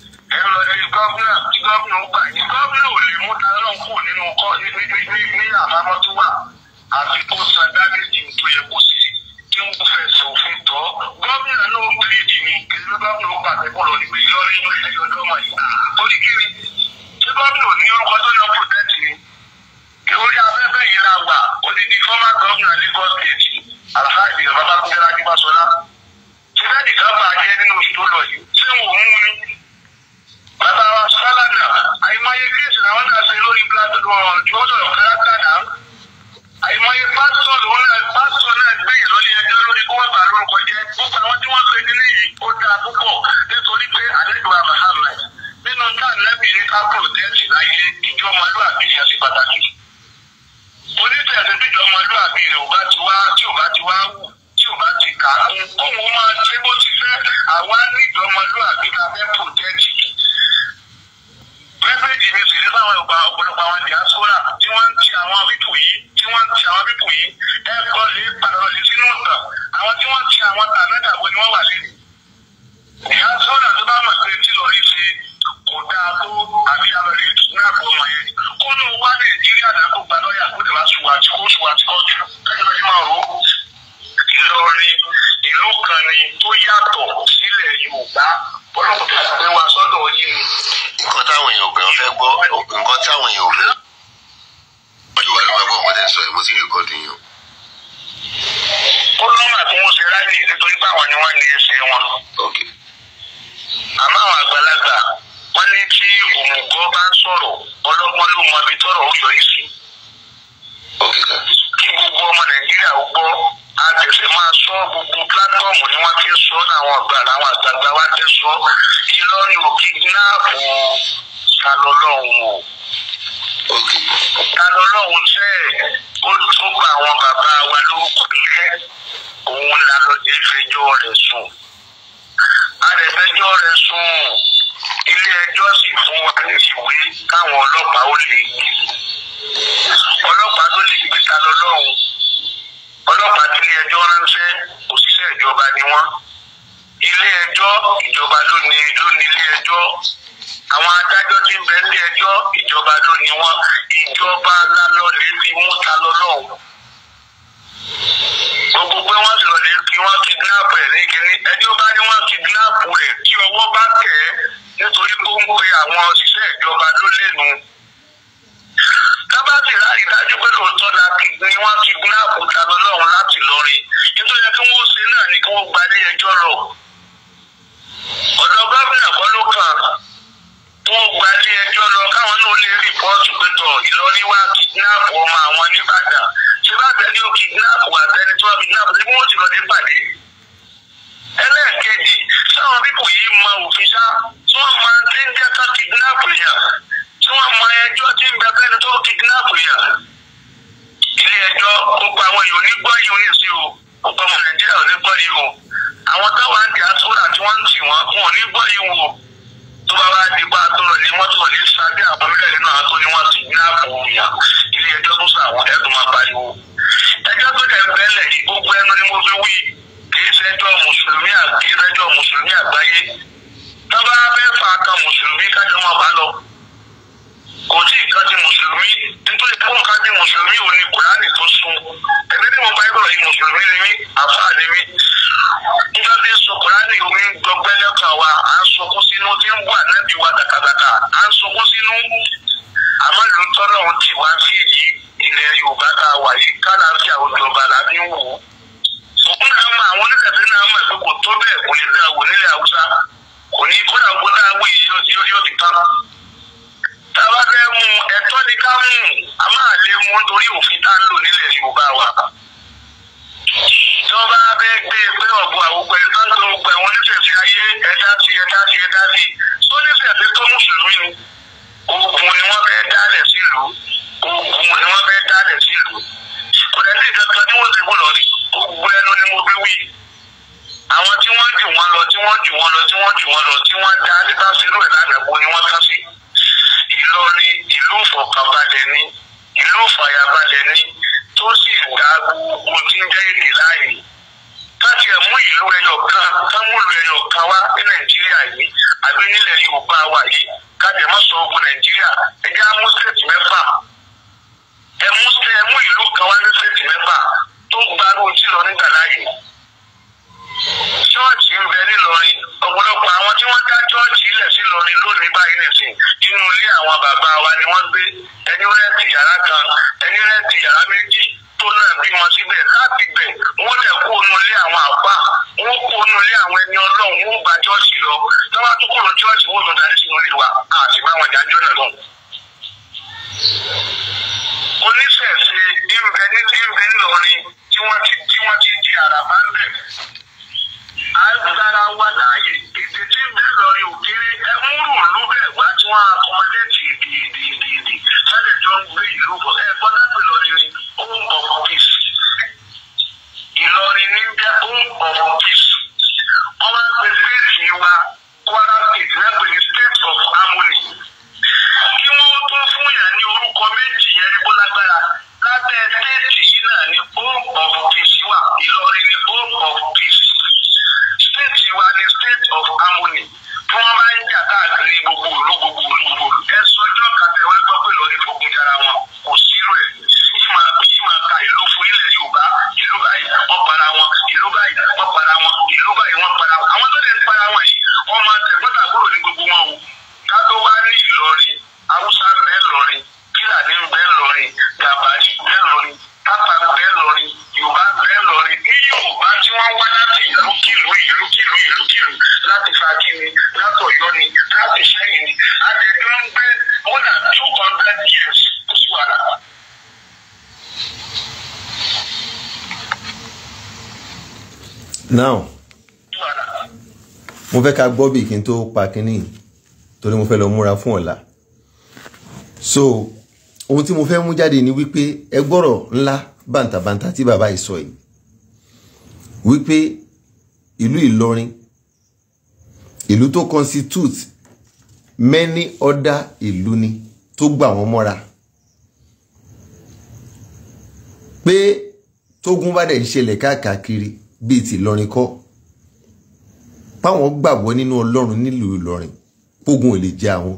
ẹ lọ rí gọ́vùnà tí gọ́vùnà ó gbà yín gọ́vùnà ò lè mú tarán kù nínú kọ́ ní àbámọ́ tó wà àfi kó san dámẹ́jì tó yẹ kó sí tí ń fẹsẹ̀ òfin tọ́ gọ́vùnà náà ń bíríìdì ni kí ló gọ́vùnà ó gbà pé kó lọ nígbè lọ́rí ẹ̀yọ́ lọ́mọ yìí torí kiri tí gọ́vùnà ò ní orúkọ tó yọ protect ni kí orí afẹ́fẹ́ yìí la wà odidi former governor Lagos State Alhaji Babakundé Adébásọlá tí bẹ́ẹ̀ nìkan bàjẹ́ nínú ta lọ́lọ́run tẹ́ ó gba àwọn bàbá wa lórúkọ ìfẹ́ òun la lọ dé fẹjọ́ rẹ̀ sùn adẹ̀fẹjọ́ rẹ̀ sùn ilé ẹjọ́ sì fún wa ní ìwé káwọn ọlọ́pàá ó lè gbé ọlọ́pàá tó lè gbé ta lọ́lọ́run ọlọ́pàá tí ilé ẹjọ́ ránṣẹ́ òṣìṣẹ́ ìjọba ni wọ́n ilé ẹjọ́ ìjọba ló ní ilé ẹjọ́ àwọn adájọ́ tí ń bẹ ní ẹjọ́ ìjọba ló ni wọ́n ìjọba lálọ́lé ti mú ta lọ́lọ́wọ́ gbogbo pé wọ́n lọ lé kí wọ́n kidnap ẹ̀ ní kíní ẹni ó bá ní wọ́n kidnap rẹ̀ tí ọwọ́ bá tẹ̀ ẹ́ nítorí tó ń pe àwọn òṣìṣẹ́ ìjọba ló lẹ́nu tábàtì láì dájú pé lóòótọ́ la ni wọ́n kidnap ta lọ́lọ́run láti lọ́rin nítorí kí wọ́n ṣe náà ni kí wọ́n gbalé ẹjọ́ lọ ọ̀dọ̀ gómìnà tó gbalé ẹjọ́ lọ káwọn náà lè rìpọ́ọ̀tù pé tọ̀ Ìlọrin wá kidnap ọmọ àwọn nìbàdàn ṣé bá tẹ̀lé ó kidnap wà tẹ́ni tó wà kidnap ṣé bí wọ́n ti lọ sí pàdé. ẹlẹ́ẹ̀kejì sáwọn pípò yìí mọ òfin ṣá tí wọ́n máa ń tí ń jẹ́ ká kidnap yàn tí wọ́n mọ ẹjọ́ tí ń bẹ fẹ́ni tó kidnap yàn. ilé ẹjọ́ gbogbo àwọn èèyàn onígbọ́ yìí oníṣe o gbogbo ọmọ Nàìjíríà onígbọ́ yìí o àwọn táwọn àǹtí àtúrà tí wọ́n ń tì wọ́n wọn ò ní gbọ́ yìí wò tó bá wá di bá tó lọ ní wọ́n tó lọ ní sábẹ́ àbúrò ẹ̀ náà tó ní wọ́n ti ní àpò òyà ilé ẹjọ́ tó sà wọ́n ẹ̀dùn máa pariwo. ẹjọ́ tó dẹ̀ bẹ́lẹ̀ ní gbogbo ẹnu ni mo fi wí kì í ṣẹjọ́ mùsùlùmí àti ìrẹ́jọ́ mùsùlùmí àgbáyé. tábà bẹ́ẹ̀ fà kan mùsùlùmí kájọ máa bá lọ kò sí nǹkan tí mùsùlùmí nítorí pé wọn ká bí mùsùlùmí ò ní kùránì tó sun ẹ̀mí tí mo bá yẹ kọ̀ọ̀yìn mùsùlùmí ni mí àfáà ni mí nígbà tí ń sọ kùránì omi ń gbọgbẹ́ lẹ́kàn wa à ń sọkún sínú tí ń wà nẹ́bí wa dàkàdàkà à ń sọkún sínú amálùtọ́ náà ti wá sí èyí ilẹ̀ Yorùbá ká wà yìí kálàáfíà òjọba là ń wò ó òkun náà mọ àwọn oníkàtí náà mọ̀ pé kò tó bẹ́ẹ̀ kò lè dáa wò nílẹ̀ Haúsá kò ní kó tá a bá fẹ́ ni ká mú a máa lè mú nítorí òfin tá ń lò nílẹ̀ Yorùbá wa. tí wọ́n gbé pé ọ̀gbọ̀n àwògbẹ̀ ìtọ́jú ọ̀gbẹ̀ wọn nífẹ̀ẹ́ sí ayé ẹ̀dá sí ẹ̀dá sí ẹ̀dá sí tó nífẹ̀ẹ́ sí tó mùsùlùmí ni ogun ni wọ́n fẹ́ dálẹ̀ sílùú ogun ni wọ́n fẹ́ dálẹ̀ sílùú kò lẹ́sìn kankan tí wọ́n ti kú lọ ogun ẹnu ni mo fi wí àwọn tí wọ́n jù wọ́n lọ tí wọ́n jù wọ́n lọ tí wọ́n jù wọ́n lọ tí wọ́n dá Ìlọrin ìlú ìfọ̀kànbalẹ̀ ni ìlú ìfàyàbalẹ̀ ni tó sì dá gbogbo tí ń jẹ́ èdè láàyè láti ẹ̀mú ìlú ẹyọ kan kámúlù ẹyọ kan wá ní Nàìjíríà yìí àbí nílẹ̀ Yorùbá wa yìí kájẹ̀ má sọ ogun Nàìjíríà ẹ̀jẹ̀ á mú stéètì mẹ́fà ẹ̀mú ẹ̀mú ìlú kan wá ní stéètì mẹ́fà tó gbárù tí lọ nígbà láàyè ṣọ́ọ̀ṣì ń bẹ nílọrin ọ̀pọ̀lọpọ̀ Ìlọrin lónìí báyìí nìsín inú ilé àwọn bàbá wa ni wọ́n gbé ẹni rẹ́ǹtì yàrá kan ẹni rẹ́ǹtì yàrá méjì tó náà bímọ síbẹ̀ láti bẹ̀ wọ́n lẹ̀ kó inú ilé àwọn àpá wọ́n kó inú ilé àwọn ẹni ọlọ́run wọ́n gba chọ́ọ̀sì lọ táwọn tó kúrò chọ́ọ̀sì wọ́n tún darí sínú ilé wa àti báwọn ìdájọ́ náà lọ. oníṣẹ̀ṣe ìrùbẹ̀ nílọrin tí wọ́n ti di àràbá ńlẹ̀ wà láàyè hundred years kò sí wàhálà. now mo fẹ́ ká gbọ́ bí kí n tó pa kínní torí mo fẹ́ lọ múra fún ọ̀la so ohun tí mo fẹ́ mú jáde ni wípé ẹ gbọ́rọ̀ ńlá bàǹtàbàǹtà tí bàbá yìí sọ yìí wípé ìlú Ìlọrin ìlú tó constitute many other ìlú ni tó gbà wọ́n mọ́ra pé tógun bá dẹ̀ ń ṣẹlẹ̀ káàkiri bíi ti Ìlọrin kọ́ páwọn gbàgbọ́ nínú Ọlọ́run nílùú Ìlọrin pógun ò lè jẹ àwọn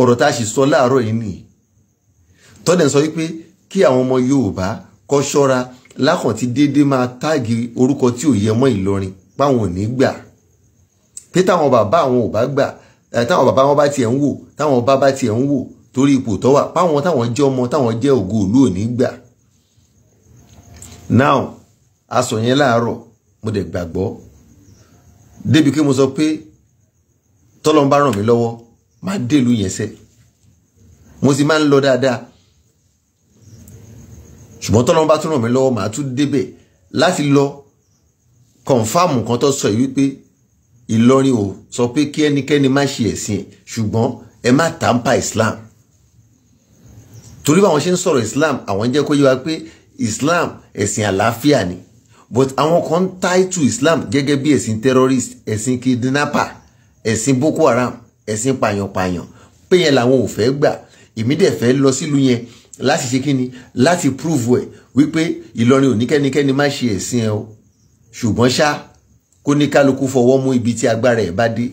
ọ̀rọ̀ tá a sì sọ láàárọ̀ yìí nìyí tọ́dẹ̀ sọ wípé kí àwọn ọmọ Yorùbá kọ́ ṣọ́ra lákàn ti déédé máa táàgì orúkọ tí ò yẹ mọ́ Ìlọrin páwọn ò ní gbà pé táwọn bàbá àwọn ò bá gbà táwọn bàbá wọn bá tiẹ̀ ń wò táwọn bá bá tiẹ̀ ń wò torí ipò tó wà páwọn táwọn jẹ́ ọmọ táwọn jẹ́ ògo òlú òní gbà. now aṣọ yẹn láàárọ̀ mo dẹ̀ gbàgbọ́ débi kí mo sọ pé tọ́lọ́n bá ràn mí lọ́wọ́ máa dèlú yẹn sẹ́ mo sì máa ń lọ dáadáa ṣùgbọ́n tọ́lọ́n bá tún ràn mí lọ́wọ́ màá tún débẹ̀ láti lọ kọ̀ǹfàmù kan tó sọ yìí wípé Ìlọrin ò sọ pé kí ẹnikẹ́ni má ṣe ẹ̀sìn ṣùgbọ́n ẹ má tàǹpà Islam torí báwọn ṣe ń sọ̀rọ̀ Islam àwọn jẹ́ kó yé wa pé Islam ẹ̀sìn àlàáfíà ni but àwọn kan ń táìtù Islam gẹ́gẹ́ bí ẹ̀sìn terrorist ẹ̀sìn kidnapper ẹ̀sìn Boko Haram ẹ̀sìn pàyànpàyàn pé yẹn làwọn ò fẹ́ gbà èmi dẹ̀ fẹ́ lọ sílùú yẹn láti ṣe kíni láti prove ẹ̀ wípé Ìlọrin ò ní kẹ́nikẹ́ni má ṣe ẹ̀sìn ẹ̀ o ṣùgbọ́n ṣá kó ní kálukú fọwọ́ mú ibi tí agbára ẹ̀ bá dé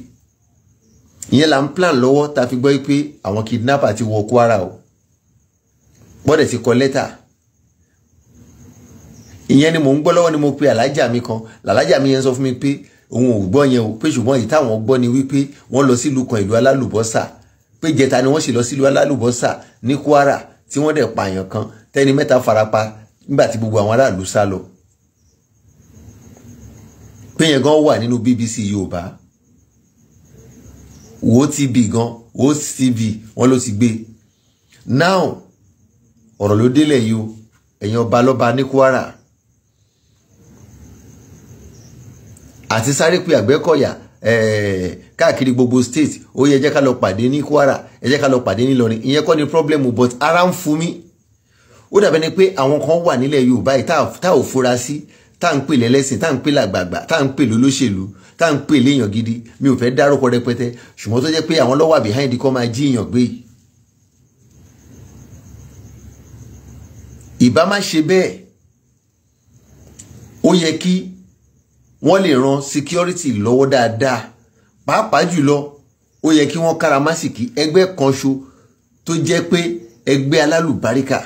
ìyẹn là ń plan lọ́wọ́ ta fi gbọ́ pé àwọn kidnapper ti wọ Kwara o bọ́dẹ̀ ti kọ lẹ́tà ìyẹn ni mò ń gbọ́ lọ́wọ́ ni mo pe alájà mi kan làlájà mi yẹn sọ fún mi pé òun ò gbọ́ yẹn o pé ṣùgbọ́n èyí táwọn gbọ́ ni wípé wọ́n lọ sílùú kan ìlú alálùbọ́sà pé jẹta ni wọ́n sì lọ sílùú alálùbọ́sà ní Kwara tí wọ́n dẹ̀ pààyàn kan tẹ́ni mẹ́ta farapa nígbà tí gbogbo àwọn aráàlú sá lọ pé yẹn gan wà nínú BBC Yorùbá wo tv gan wo tv wọn ló ti gbé now ọ̀rọ̀ ló délẹ̀ yìí o ẹ̀yin ọba lọ́ba ní Kwara àti sáré pé Àgbẹ̀kọ̀yà káàkiri gbogbo state ó yẹ ẹ jẹ́ ká lọ pàdé ní Kwara ẹ ká lọ pàdé ní ìyẹn kọ́ ni problem but ara ń fún mi ó dàbẹ́ ni pé àwọn kan wà nílẹ̀ Yorùbá yìí tá ò fura sí. Si tá à ń pè lẹ́lẹ́sìn tá à ń pè làgbàgbà tá à ń pè lólóṣèlú tá gidi mi ò fẹ́ dárúkọ rẹpẹtẹ ṣùgbọ́n tó jẹ́ pé àwọn lọ́wọ́ behind kọ́ máa jí èèyàn gbé yìí. ìbá má ṣe bẹ́ẹ̀ ó yẹ kí wọ́n lè ran security lọ́wọ́ dáadáa pàápàá jùlọ ó yẹ kí wọ́n kára másìkí ẹgbẹ́ kan ṣo tó jẹ́ pé ẹgbẹ́ alálùbáríkà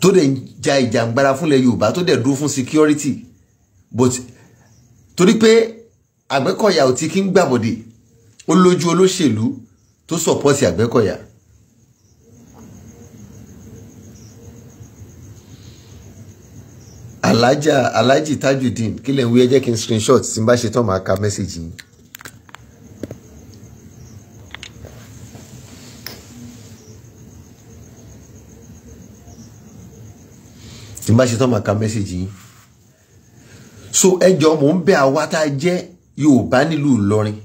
tó dẹ̀ ń ja ìjàngbara fúnlẹ̀ Yorùbá tó dẹ̀ dúró fún security but torí pé Àgbẹ̀kọ̀yà ò ti kí ń gbàbọ̀dè ó lójú olóṣèlú tó sọ̀pọ̀tì Àgbẹ̀kọ̀yà. alájà alájì tajudeen kí lè ń wí ẹ jẹ́ kí n screenshot tí n bá ṣe tán máa ka mẹ́sẹ̀gì yìí. tí n bá ṣe tán máa ka mẹ́sẹ̀gì yín so ẹjọ mò ń bẹ àwa tá a jẹ́ Yorùbá nílùú Ìlọrin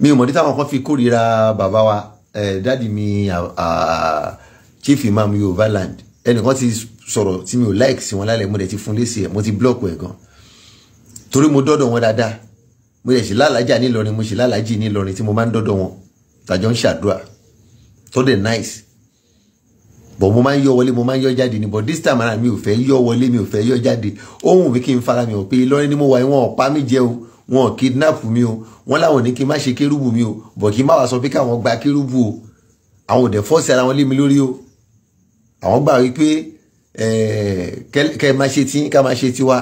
mi ò mọ̀dí táwọn kan fi kórìíra bàbá wa dáàdì mi chief imam Yorùbá land ẹnìkan ti sọ̀rọ̀ tí mi ò like sí wọn lálẹ́ mo dẹ̀ ti fún lésì mo ti blọ́ọ̀kù ẹ̀ gan torí mo dọ́dọ̀ wọn dáadáa mo dẹ̀ ṣe lálàájà nílọrin mo ṣe lálàájì nílọrin tí mo máa ń dọ́dọ̀ wọn tàjọ ń ṣàdúrà tó dẹ̀ nice but mo máa ń yọ wọlé mo máa ń yọ jáde ni but this time around mi ò fẹ́ yọ wọlé mi ò fẹ́ yọ jáde ohun mi kí n fara mi hàn pé Ìlọrin ni mo wà wọn ò pa mí jẹ o wọn ò kidnap mi o wọn láwọn ní kí n má ṣe kérúbù mi o but kí n má wá sọ pé káwọn gba kérúbù o àwọn òdẹ fọ́ọ̀sì ara wọn lé mi lórí o àwọn gbà wípé eh, kẹ máa ṣe tí ká máa ṣe tiwa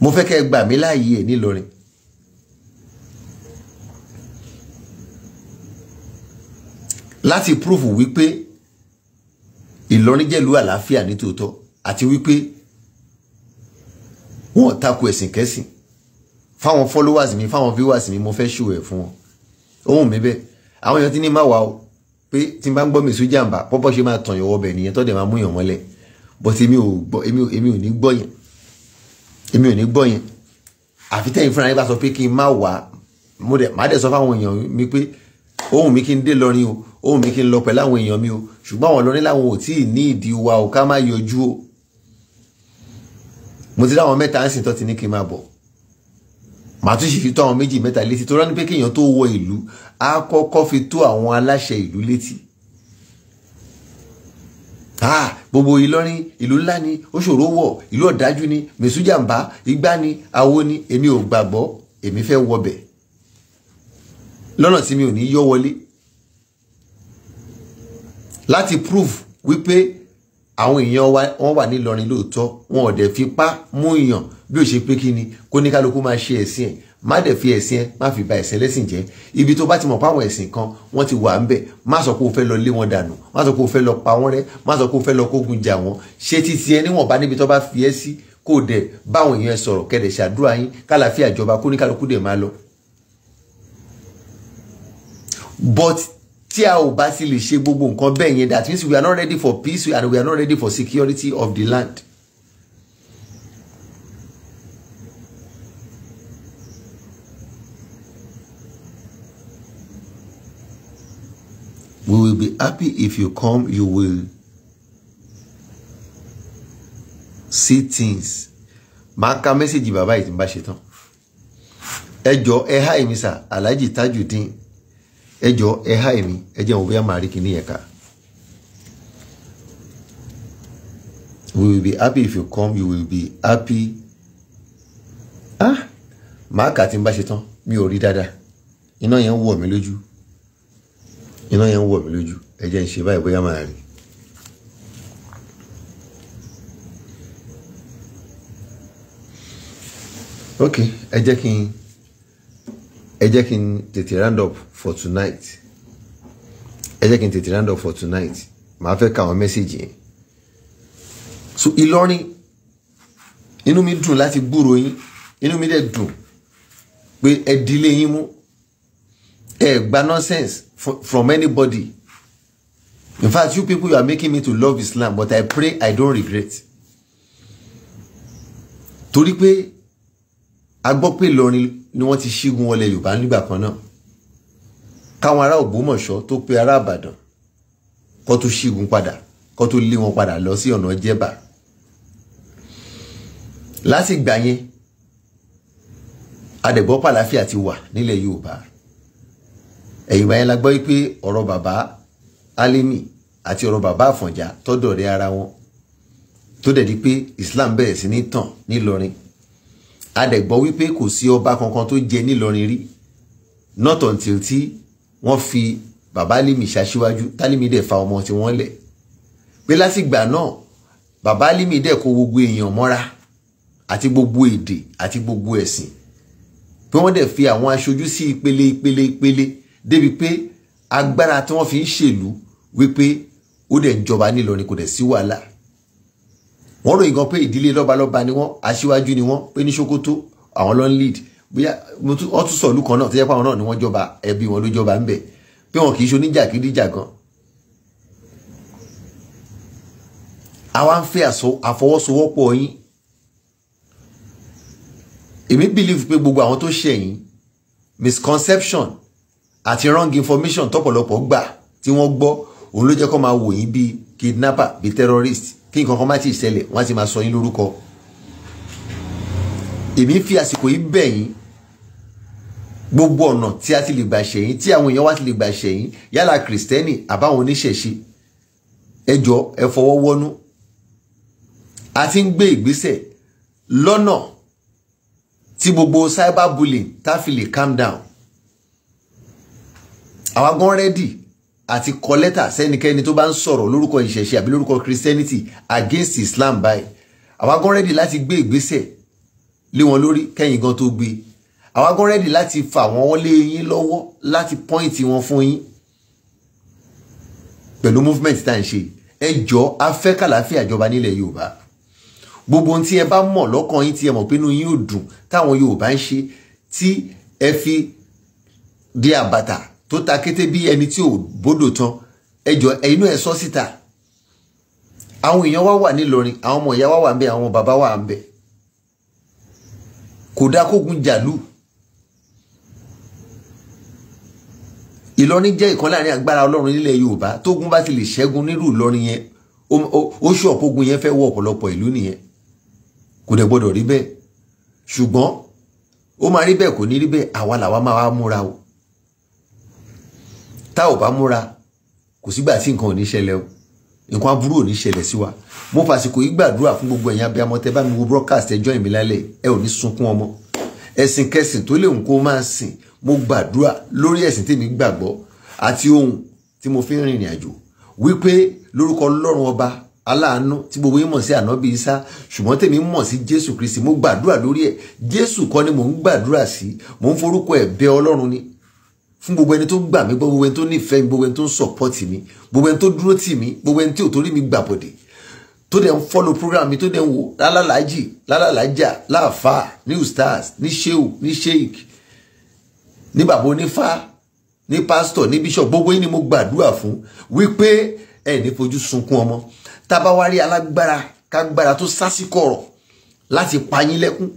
mo fẹ́ kẹ́ gbà mí láàyè ẹ̀ nílọrin láti prove wípé Ìlọrin jẹ́lú àlàáfíà ní tòótọ́ àti wípé wọ́n tako ẹ̀sìn kẹ́sìn fáwọn followers mi fáwọn viewers mi mo fẹ́ ṣù ẹ̀ fún wọn ohun mi bẹ́ẹ̀ àwọn èèyàn ti ní má wà o pé tí n bá ń gbọ́ mèsù jàǹbá pọ́pọ́ ṣe máa tàn yàn ọbẹ̀ nìyẹn tó dẹ̀ máa mú yàn mọ́lẹ̀ but èmi ò gbọ́ èmi ò ní gbọ́ yẹn èmi ò ní gbọ́ yẹn àfi tẹ́yìn fúnra yín bá sọ pé kí n má wà má dẹ̀ sọ fáwọn èèyàn mi pé ohun mi kí n dé lọrin o ohun mi kí n lọ pẹ̀lú àwọn èèyàn mi o ṣùgbọ́n àwọn olórin làwọn ò tí ì ní ìdí wa o ká má yọjú o mo ti dáwọn mẹ́ta ń sìn tó ti ní kí n máa bọ̀ màá tún sì fi tó àwọn méjì mẹ́ta létí tó rán ní pé kéèyàn tó wọ ìlú á kọ́kọ́ fi tó àwọn aláṣẹ ìlú létí gbogbo ìlọrin ìlú ńlá ni ó ṣòro wọ̀ ìlú ọ̀dájú ni mẹ̀sújàmbá igbá ni awo ni èmi ò gbàgbọ́ èmi fẹ́ wọbẹ̀ lọ́nà tí mi ò ní yọ́ wọlé láti prove wípé àwọn èèyàn wa wọ́n wà nílọrin lóòótọ́ wọn ò dẹ̀ fipá mú èèyàn bí ó ṣe pé kí ni kó ní kálukú máa ṣe ẹ̀sìn ẹ̀ má dẹ̀ fi ẹ̀sìn ẹ̀ má fi ba ẹ̀sìn ẹlẹ́sìn jẹ́ ibi tó bá ti mọ̀ páwọn ẹ̀sìn kan wọ́n ti wà ń bẹ̀ má sọ pé o fẹ́ lọ lé wọn dànù má sọ pé o fẹ́ lọ pa wọ́n rẹ́ má sọ pé o fẹ́ lọ kógun jà wọ́n ṣé títí ẹ níwọ̀nba níbi tó bá fi ẹ́ sí kó o dẹ̀ báwọn èèyàn sọ̀rọ̀ kẹ́dẹ̀ ṣàdúrà yín kálàfíà ìjọba kó ní kálukú dẹ̀ máa lọ. but tí a ò bá sì lè ṣe gbogbo nǹkan bẹ́ẹ̀ yẹn that means we are not ready for peace and we are not ready for security of the land. We will be happy if you come, you will see things. Máa ka mẹ́sẹ̀gì bàbá yìí tí n bá ṣe tán. Ẹ jọ ẹ há èmi sà, Alhaji Tajudeen ẹ jọ ẹ há èmi ẹ jẹ́ òun bí a máa rí we will be happy if you come you will be happy ah màá kà tí n ṣe tán mi ò rí dáadáa iná yẹn ń wọ̀ mí lójú iná yẹn ń wọ̀ mí lójú ẹ jẹ́ n ṣe báyìí bóyá màá rí. ok ẹ jẹ́ kí n ẹ jẹ́ kí n tètè round up for tonight ẹ jẹ́ kí n tètè round up for tonight màá fẹ́ ka àwọn mẹ́sẹ̀gì yẹn so Ìlọrin inú mi dùn láti gbúrò yín inú mi dẹ̀ dùn pé ẹ dilé yín mú ẹ gba nonsense from anybody in fact you people you are making me to love Islam but I pray I don't regret torí pé a gbọ́ ni wọ́n ti ṣígun wọlé Yorùbá nígbà kan náà káwọn ará Ògbómọ̀ṣọ́ tó pe ará Ìbàdàn kó tó ṣígun padà kó tó lé wọn padà lọ sí ọ̀nà Jẹ̀bà látìgbà yẹn adẹ̀gbọ́ pàlàfíà ti wà nílẹ̀ Yorùbá ẹ̀yìn báyẹn la gbọ́ pé ọ̀rọ̀ bàbá Alimi àti ọ̀rọ̀ bàbá Àfọ̀njá tọ́dọ̀ rẹ ara wọn tó dẹ̀ di pé Islam bẹ̀rẹ̀ sí ní tàn nílọrin a dẹ̀ gbọ́ wípé kò sí ọba kankan tó jẹ nílọrin rí not until tí wọ́n fi bàbá Limi ṣaṣíwájú tálímì dẹ̀ fa ọmọ tí wọ́n lẹ̀ pé látìgbà náà bàbá Limi dẹ̀ kó gbogbo èèyàn mọ́ra àti gbogbo èdè àti gbogbo ẹ̀sìn pé wọ́n dẹ̀ fi àwọn aṣojú sí ìpele ìpele ìpele débi pé agbára tí wọ́n fi ń ṣèlú wípé ó dẹ̀ ń jọba nílọrin kò dẹ̀ sí wàhálà wọ́n ròyìn gan pé ìdílé lọ́balọ́ba ni wọ́n aṣíwájú ni wọ́n pé ní Sokoto àwọn ló ń lead bóyá wọ́n tún sọ̀lú kan náà tó yẹ pé àwọn náà ni wọ́n jọba ẹbí wọn ló jọba ń bẹ̀ pé wọn kì í ṣe oníjàgídíjàgan àwa ń fẹ́ àfọwọ́sowọ́pọ̀ yín èmi believe pé gbogbo àwọn tó ṣẹ̀yìn misconception àti wrong information tọ́pọ̀lọpọ̀ gbà tí wọ́n gbọ́ òun ló jẹ́ kó máa wò yín bíi kidnapper bíi terrorist kí nǹkan kan má ti ṣẹlẹ̀ wọ́n á ti máa sọ yín lórúkọ èmi fi àsìkò yìí bẹ̀ yín gbogbo ọ̀nà tí a ti lè gbà ṣẹ̀yìn tí àwọn èèyàn wá ti lè gbà ṣẹ̀yìn yálà kìrìsìtẹ́nì àbáwọn oníṣẹ̀ṣe ẹ jọ ẹ fọwọ́ wọ́nú a ti ń gbé ìgbésẹ̀ lọ́nà tí gbogbo cyberbullying tá a fi lè calm down àwa gan rẹ́dì àti kọ lẹ́tà sẹ́nikẹ́ni tó bá ń sọ̀rọ̀ lórúkọ ìṣẹ̀ṣe àbí lórúkọ christianity against islam báyìí àwa gan rẹ́dì láti gbé ìgbésẹ̀ lé wọn lórí kẹ́yìn gan tó gbé àwa gan rẹ́dì láti fà wọ́n lé yín lọ́wọ́ láti pọ́ìntì wọn fún yín pẹ̀lú movement tá à ń ṣe ẹ jọ afẹ́ kàlàáfíà ìjọba nílẹ̀ yorùbá gbogbo ohun tí ẹ bá mọ̀ lọ́kàn yín tí ẹ mọ̀ pé inú yín ò dùn táwọn yorùbá ń ṣe tí ẹ fi di àbàtà tó ta kété bí ẹni tí ò bódò tán ẹjọ ẹ̀yin náà ẹ sọ síta àwọn èèyàn wá wà nílọrin àwọn ọmọ ìyá wá wà ń bẹ àwọn ọmọ bàbá wà ń bẹ kò dá kógun jàlú ìlọrin jẹ́ ìkan láàrin agbára ọlọ́run nílẹ̀ yorùbá tógun bá ti lè ṣẹ́gun nírú ìlọrin yẹn ó ṣọ̀pù ogun yẹn fẹ́ wọ ọ̀pọ̀lọpọ̀ ìlú nìyẹn kò dẹ̀ gbọ́dọ̀ rí bẹ́ẹ̀ ṣùgbọ́n ó máa rí bẹ́ẹ̀ kò ní rí bẹ́ẹ̀ àwa làwa máa wá múra o tá ò bá múra kò sígbà tí nǹkan ò ní ṣẹlẹ̀ o nǹkan aburú ò ní ṣẹlẹ̀ sí wa mo fàsìkò yìí gbàdúrà fún gbogbo ẹ̀yin abiyamọ tẹ́ bá mi wo broadcast ẹjọ́ ìmí lálẹ́ ẹ ò ní sunkún ọmọ ẹ̀sìn kẹsìn tó lè nǹkan máa sìn mo gbàdúrà lórí ẹ̀sìn tèmi gbàgbọ́ àti ohun tí mo fi ń rìnrìn àjò wípé lórúkọ ọlọ́run ọba aláàánú tí gbogbo yín mọ̀ sí ànábì isa ṣùgbọ́n tèmi mọ̀ sí jésù kristi mo gbàdúrà lórí ẹ̀ jésù kọ́ ni mò ń gbàdúrà sí mò ń forúkọ ẹ̀ bẹ ọlọ́run ni fún gbogbo ẹni tó gbà mí gbọ́ gbogbo ẹni tó nífẹ̀ẹ́ mi gbogbo ẹni tó ń sọ̀pọ́tì mi gbogbo ẹni tó dúró tì mí gbogbo ẹni tí ò torí mi gbà bọ̀dẹ̀ tó dẹ̀ ń fọ́lọ̀ program mi tó dẹ̀ ń wò lálàlájì lálàlájà láàfà ní ustaz ní sheu ní sheik ní bàbá onífà ní pásítọ̀ ní bíṣọ̀ gbogbo yín ni mo gbàdúrà fún wípé ẹ ní fojú sunkún ọmọ tábà wá rí alágbára kágbára tó sásìkò ọ̀rọ̀ láti pa yín lẹ́kún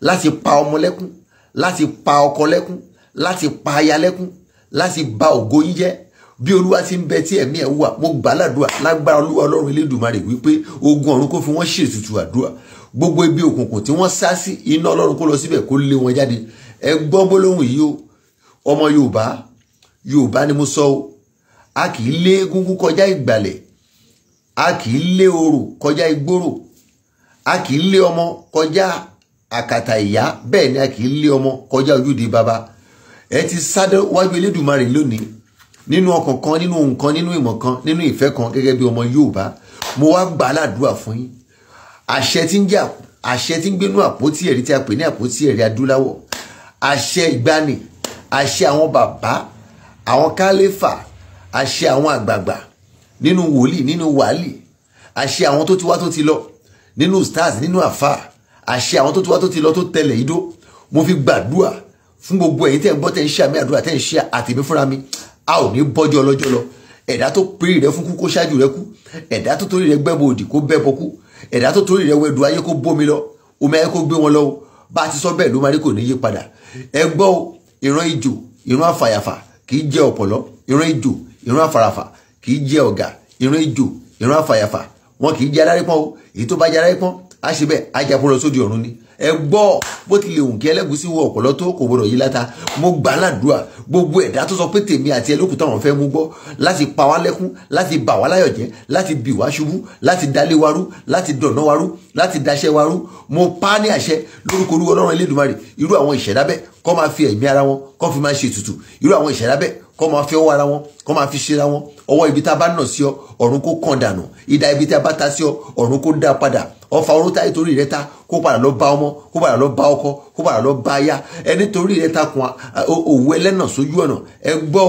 láti pa ọmọ lẹ́kún láti pa ọkọ lẹ́kún láti pa aya lẹ́kún láti ba ògo yín jẹ́ bí olúwa ti ń bẹ tí ẹ̀mí ẹ̀ wà mo gbà ládùúà lágbára olúwa ọlọ́run elédùmarè wípé ogun ọ̀run kó fi wọ́n ṣètùtù àdúrà gbogbo ibi òkùnkùn tí wọ́n sá sí iná ọlọ́run kó lọ síbẹ̀ kó lé wọn jáde ẹ gbọ́ gbólóhùn yìí o ọmọ yorùbá yorùbá ni mo sọ o a kì í lé egúngún kọjá ìgbàlẹ̀ a kì í lé orò kọjá igbóró a kì í lé ọmọ kọjá àkàtà ìyá bẹ́ẹ̀ ni a kì í lé ọmọ kọjá ojúde baba ẹ ti sáré wájú Elédùmarè lónìí nínú ọkàn kan nínú ohun kan nínú ìmọ̀ kan nínú ìfẹ́ kan gẹ́gẹ́ bí ọmọ Yorùbá mo wá gbà á ládùúrà fún yín àṣẹ tí ń jẹ́ àṣẹ tí ń gbénú àpótí ẹ̀rí tí a pè ní àpótí ẹ̀rí adúláwọ̀ àṣẹ ìgbani àṣẹ àwọn bàbá àwọn kálífà àṣẹ àwọn àgbààgbà nínú wòlíì nínú wàálì àṣẹ àwọn tó ti wá tó ti lọ nínú stars nínú àfà àṣẹ àwọn tó ti wá tó ti lọ tó tẹlẹ̀ idó mo fi gbàdúrà fún gbogbo ẹ̀yin tẹ́ ń bọ́ tẹ́ ń ṣe àmì àdúrà tẹ́ ń ṣe àtẹ̀mí fúnra mi a ò ní bọ́jọ́ ọlọ́jọ́ lọ ẹ̀dá tó péré rẹ fún kú kó ṣáájú rẹ kú ẹ̀dá tó torí rẹ gbẹ́bọ òdì kó bẹ́bọ kú ẹ̀dá tó torí rẹ wẹ̀dùn ayé kó bómi lọ omi ayé kó gbé wọn lọ bá a ti sọ bẹ́ẹ̀ ló máa rí kò ní yí padà ẹ gbọ́ ìran ìjò ìran àfàyàfà kì í jẹ ọ̀pọ̀lọ́ ìran ìjò ìran àfàràfà kì í jẹ ọ̀gà ìran ìjò ìran àfàyàfà wọn kì í jẹ adárípọ́n o èyí tó bá jẹ adárípọ́n á ṣe bẹ́ẹ̀ á jà pọ́n ọ̀run ni ẹ gbọ́ bó ti lè hùn kí ẹlẹ́gùsí wọ ọ̀pọ̀lọ́ tó kò gbọdọ̀ yí láta mo gbà ládùúrà gbogbo ẹ̀dá tó sọ pé tèmi àti ẹlòkù táwọn fẹ́ mú gbọ́ láti pa wá lẹ́kún láti bà wá láyọ̀ jẹ́ láti bì wá ṣubú láti dalé wa rú láti dọ̀nà wa rú láti daṣẹ́ wa mo pa ní àṣẹ lórúkọ olúwa ọlọ́run elédùnmarè irú àwọn ìṣẹ̀dá bẹ́ẹ̀ máa fi ẹ̀mí ara wọn kó fi máa ṣe ètùtù irú àwọn ìṣẹ̀dá kọ́ máa fi ọwọ́ ara wọn kọ́ máa fi ṣera wọn ọwọ́ ibi tá a bá nà sí ọ ọ̀run kó kàn dànù ìdá ibi tá a bá ta sí ọ ọ̀run kó dá padà ọfà orun táyé torí rẹ ta kó padà lọ bá ọmọ kó padà lọ bá ọkọ kó padà lọ bá aya ẹni torí rẹ kun òwú ẹlẹ́nà sójú ọ̀nà ẹ gbọ́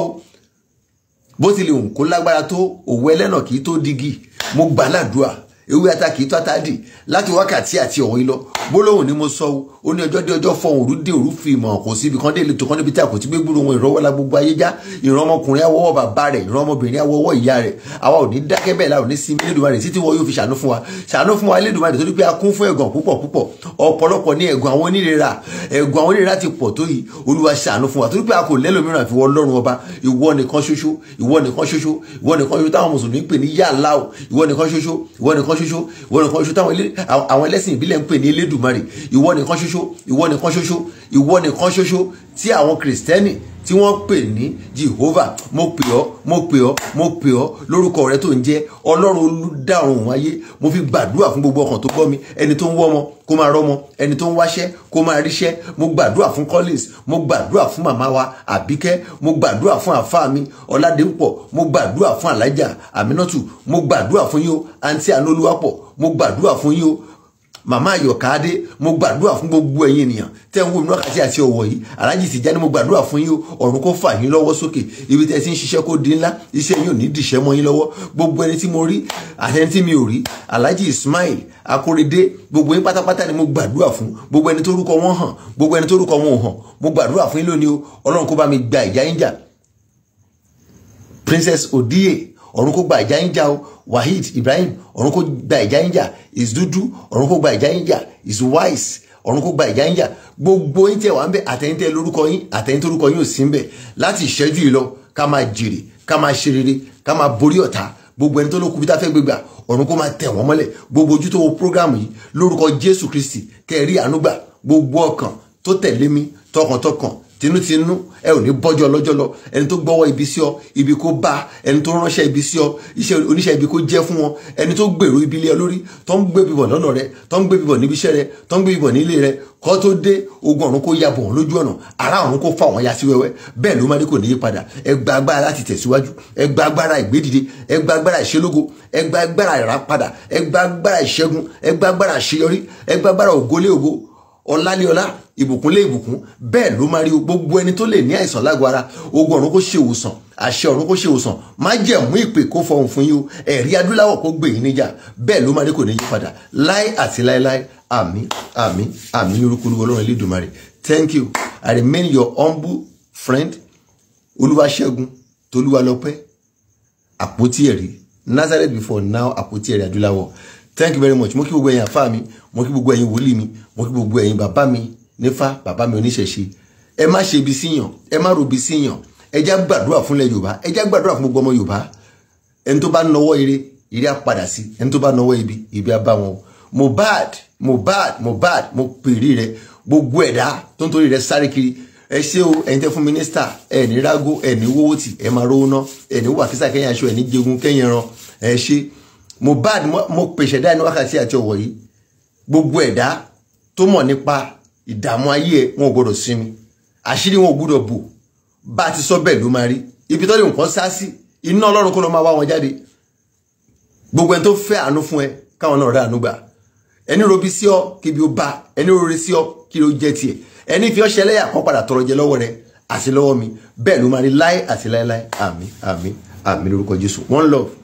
bó tilẹ̀ òǹkó lágbára tó òwú ẹlẹ́nà kì í tó digi mo gbàládùá ewé ata kì í tó ata dì láti wákàtí àti ọ̀hún lọ gbólóhùn ni mo sọ o ó ní ọjọ́ dé ọjọ́ fọhùn òru dé òru fi ìmọ̀ kò síbi kan dé ìletò kan níbi tí a kò ti gbé gbúrò wọn ìrọwọ́ la gbogbo ayé já ìran ọmọkùnrin awọ́wọ́ bàbá rẹ̀ ìran ọmọbìnrin awọ́wọ́ ìyá rẹ̀ àwa ò ní dákẹ́ bẹ́ẹ̀ la ò ní sinmi Elédùmarè títí wọn yóò fi ṣàánú fún wa ṣàánú fún wa Elédùmarè torí pé a kún fún ẹ̀gàn púpọ̀ púpọ̀ ọ̀pọ̀lọpọ̀ ní ẹ̀gàn àwọn onírera ẹ̀gàn àwọn onírera ti pọ̀ tó yìí Olúwa ṣàánú fún wa ṣoṣo ìwọ ṣoṣo táwọn mùsùlùmí pè ní yàlá o ìwọ ṣoṣo ìwọ nìkan ṣoṣo ìwọ nìkan ṣoṣo táwọn àwọn ẹlẹ́sìn ìbílẹ̀ ń pè ní elédùmarè ìwọ nìkan ṣoṣo ìwọ nìkan ṣoṣo ìwọ nìkan ṣoṣo tí àwọn kìrìsìtẹ́nì tí wọ́n pè ní Jehovah mo pè ọ́ mo pè ọ́ mo pè ọ́ lórúkọ rẹ tó ń jẹ́ ọlọ́run olùdáhùn òun ayé mo fi gbàdúrà fún gbogbo ọkàn tó gbọ́ mi ẹni tó ń wọ́ ọmọ kó máa rọ́mọ ẹni tó ń wáṣẹ́ kó máa ríṣẹ́ mo gbàdúrà fún Collins mo gbàdúrà fún màmá wa Àbíkẹ́ mo gbàdúrà fún àfáà mi Ọládépọ̀ mo gbàdúrà fún Alájà Àmínátù mo gbàdúrà fún yín o àǹtí Ànólúwápọ̀ mo gbàdúrà fún yín o màmá ayọ̀kadé mo gbàdúrà fún gbogbo ẹ̀yin ènìyàn tẹ́ ń wo ìmúná àti àti ọ̀wọ̀ yìí aláàjì Tìjání mo gbàdúrà fún yín ọ̀run kó fà yín lọ́wọ́ sókè ibi tẹ́ ti ń ṣiṣẹ́ kó di ńlá iṣẹ́ yín ò ní dìṣẹ́ mọ́ yín lọ́wọ́ gbogbo ẹni tí mo rí àtẹni tí mi ò rí aláàjì Ismail Akóredé gbogbo yín pátápátá ni mo gbàdúrà fún gbogbo ẹni tó rúkọ wọn hàn gbogbo ẹni tó rúkọ wọn ò hàn mo gbàdúrà fún yín lónìí o Ọlọ́run kó ìjà yín jà Princess Odie ọ̀run kó gba ìjà o Wahid Ibrahim ọ̀run kó gba ìjà yín is dúdú ọ̀run kó gba ìjà yín is wise ọ̀run kó gba ìjà yín jà gbogbo yín tẹ̀ wá ń bẹ̀ àtẹ̀yìn tẹ̀ lórúkọ yín àtẹ̀yìn tórúkọ yín ò sí ń bẹ̀ láti ìṣẹ́jú yìí lọ ká máa jèrè ká máa ṣe rere ká máa borí ọ̀tá gbogbo ẹni tó ló kubi tá fẹ́ gbégbà ọ̀run kó máa tẹ̀ wọ́n mọ́lẹ̀ gbogbo ojú tó wo program yìí lórúkọ Jésù Kristi kẹ́ àánú gbà gbogbo ọkàn tó tẹ̀lé mi tọkàntọkàn tinútinú ẹ ò ní bọ́jọ́ lọ́jọ́ lọ ẹni tó gbọ́wọ́ ibi sí ọ ibi kó bá ẹni tó ránṣẹ́ ibi sí ọ iṣẹ́ oníṣẹ́ ibi kó jẹ́ fún wọn ẹni tó gbèrú ibi ilé olórí tó ń gbé bíbọ̀ lọ́nà rẹ tó ń gbé bíbọ̀ níbi iṣẹ́ rẹ tó ń gbé bíbọ̀ nílé rẹ kó tó dé ogun ọ̀run kó ya bọ̀ wọ́n lójú ọ̀nà ara ọ̀run kó fà wọ́n ya sí wẹ́wẹ́ bẹ́ẹ̀ ló má ní kò ní yí padà ẹ gba agbára láti tẹ̀síwájú ẹ gba agbára ìgbédìde ẹ gba agbára ìṣelógo ẹ gba agbára ìràpadà ẹ gba agbára ìṣẹ́gun ẹ gba agbára àṣeyọrí ẹ gba agbára ògólé ògo ọlá lé ọlá ìbùkún lé ìbùkún bẹ́ẹ̀ ló máa rí gbogbo ẹni tó lè ní àìsàn lágọ̀ ara ogun ọ̀run kó ṣe òwòsàn àṣẹ ọ̀run kó ṣe òsàn má jẹ̀mú ìpè kó fọhùn fún yín o ẹ̀rí adúláwọ̀ kó gbè yín níjà bẹ́ẹ̀ ló máa dé kò ní yí padà láé àti láéláé àmín àmín àmín ní ọlọ́run elédùnmarè thank you i remain your humble friend olúwaṣẹ́gun tolúwalọ́pẹ́ àpótí ẹ̀rí nazareth before now àpótí ẹ̀rí adúláwọ̀ thank you very much mo kí gbogbo ẹ̀yin àfáà mi mo kí gbogbo ẹ̀yin wòlíì mi mo kí gbogbo ẹ̀yin bàbá mi nífà bàbá mi oníṣẹ̀ṣe ẹ má ṣe ibi síyàn ẹ má robi síyàn ẹ já gbàdúrà fúnlẹ̀ yorùbá ẹ já gbàdúrà fún gbogbo ọmọ yorùbá ẹni tó bá nọwọ́ ire ire á sí ẹni tó bá nọwọ́ ibi ibi á bá wọn Mohbad Mohbad Mohbad mo pèrè rẹ gbogbo ẹ̀dá tó ń torí rẹ sáré kiri ẹ ṣé o ẹ̀yin tẹ́ fún mínísítà ẹ ní rágó ẹ ní wọ́wọ́tì ẹ máa rówó ná ẹ ní wàkísà kẹ́yìn aṣọ ẹ ní jẹgun kẹ́yìn ẹran ẹ ṣé Mohbad mo pèsè dá inú wákàtí àti ọ̀wọ̀ yìí gbogbo ẹ̀dá tó mọ̀ nípa ìdààmú ayé ẹ̀ wọn ò gbọdọ̀ sinmi àṣírí wọn ò gbọdọ̀ bò bá a ti sọ bẹ́ẹ̀ ló máa rí ibi tó lè nǹkan sá sí iná ọlọ́run kó lọ máa wá wọn jáde gbogbo ẹni tó fẹ́ àánú fún ẹ káwọn náà rí àánú gbà ẹni robi sí ọ kíbi ó bá ẹni rore sí ọ kí ló jẹ tiẹ̀ ẹni fi ọṣẹ lẹ́yà kan padà tọrọ jẹ lọ́wọ́ rẹ àti lọ́wọ́ mi bẹ́ẹ̀ ló máa rí láé àti láéláé àmín àmín àmín lórúkọ Jésù one love.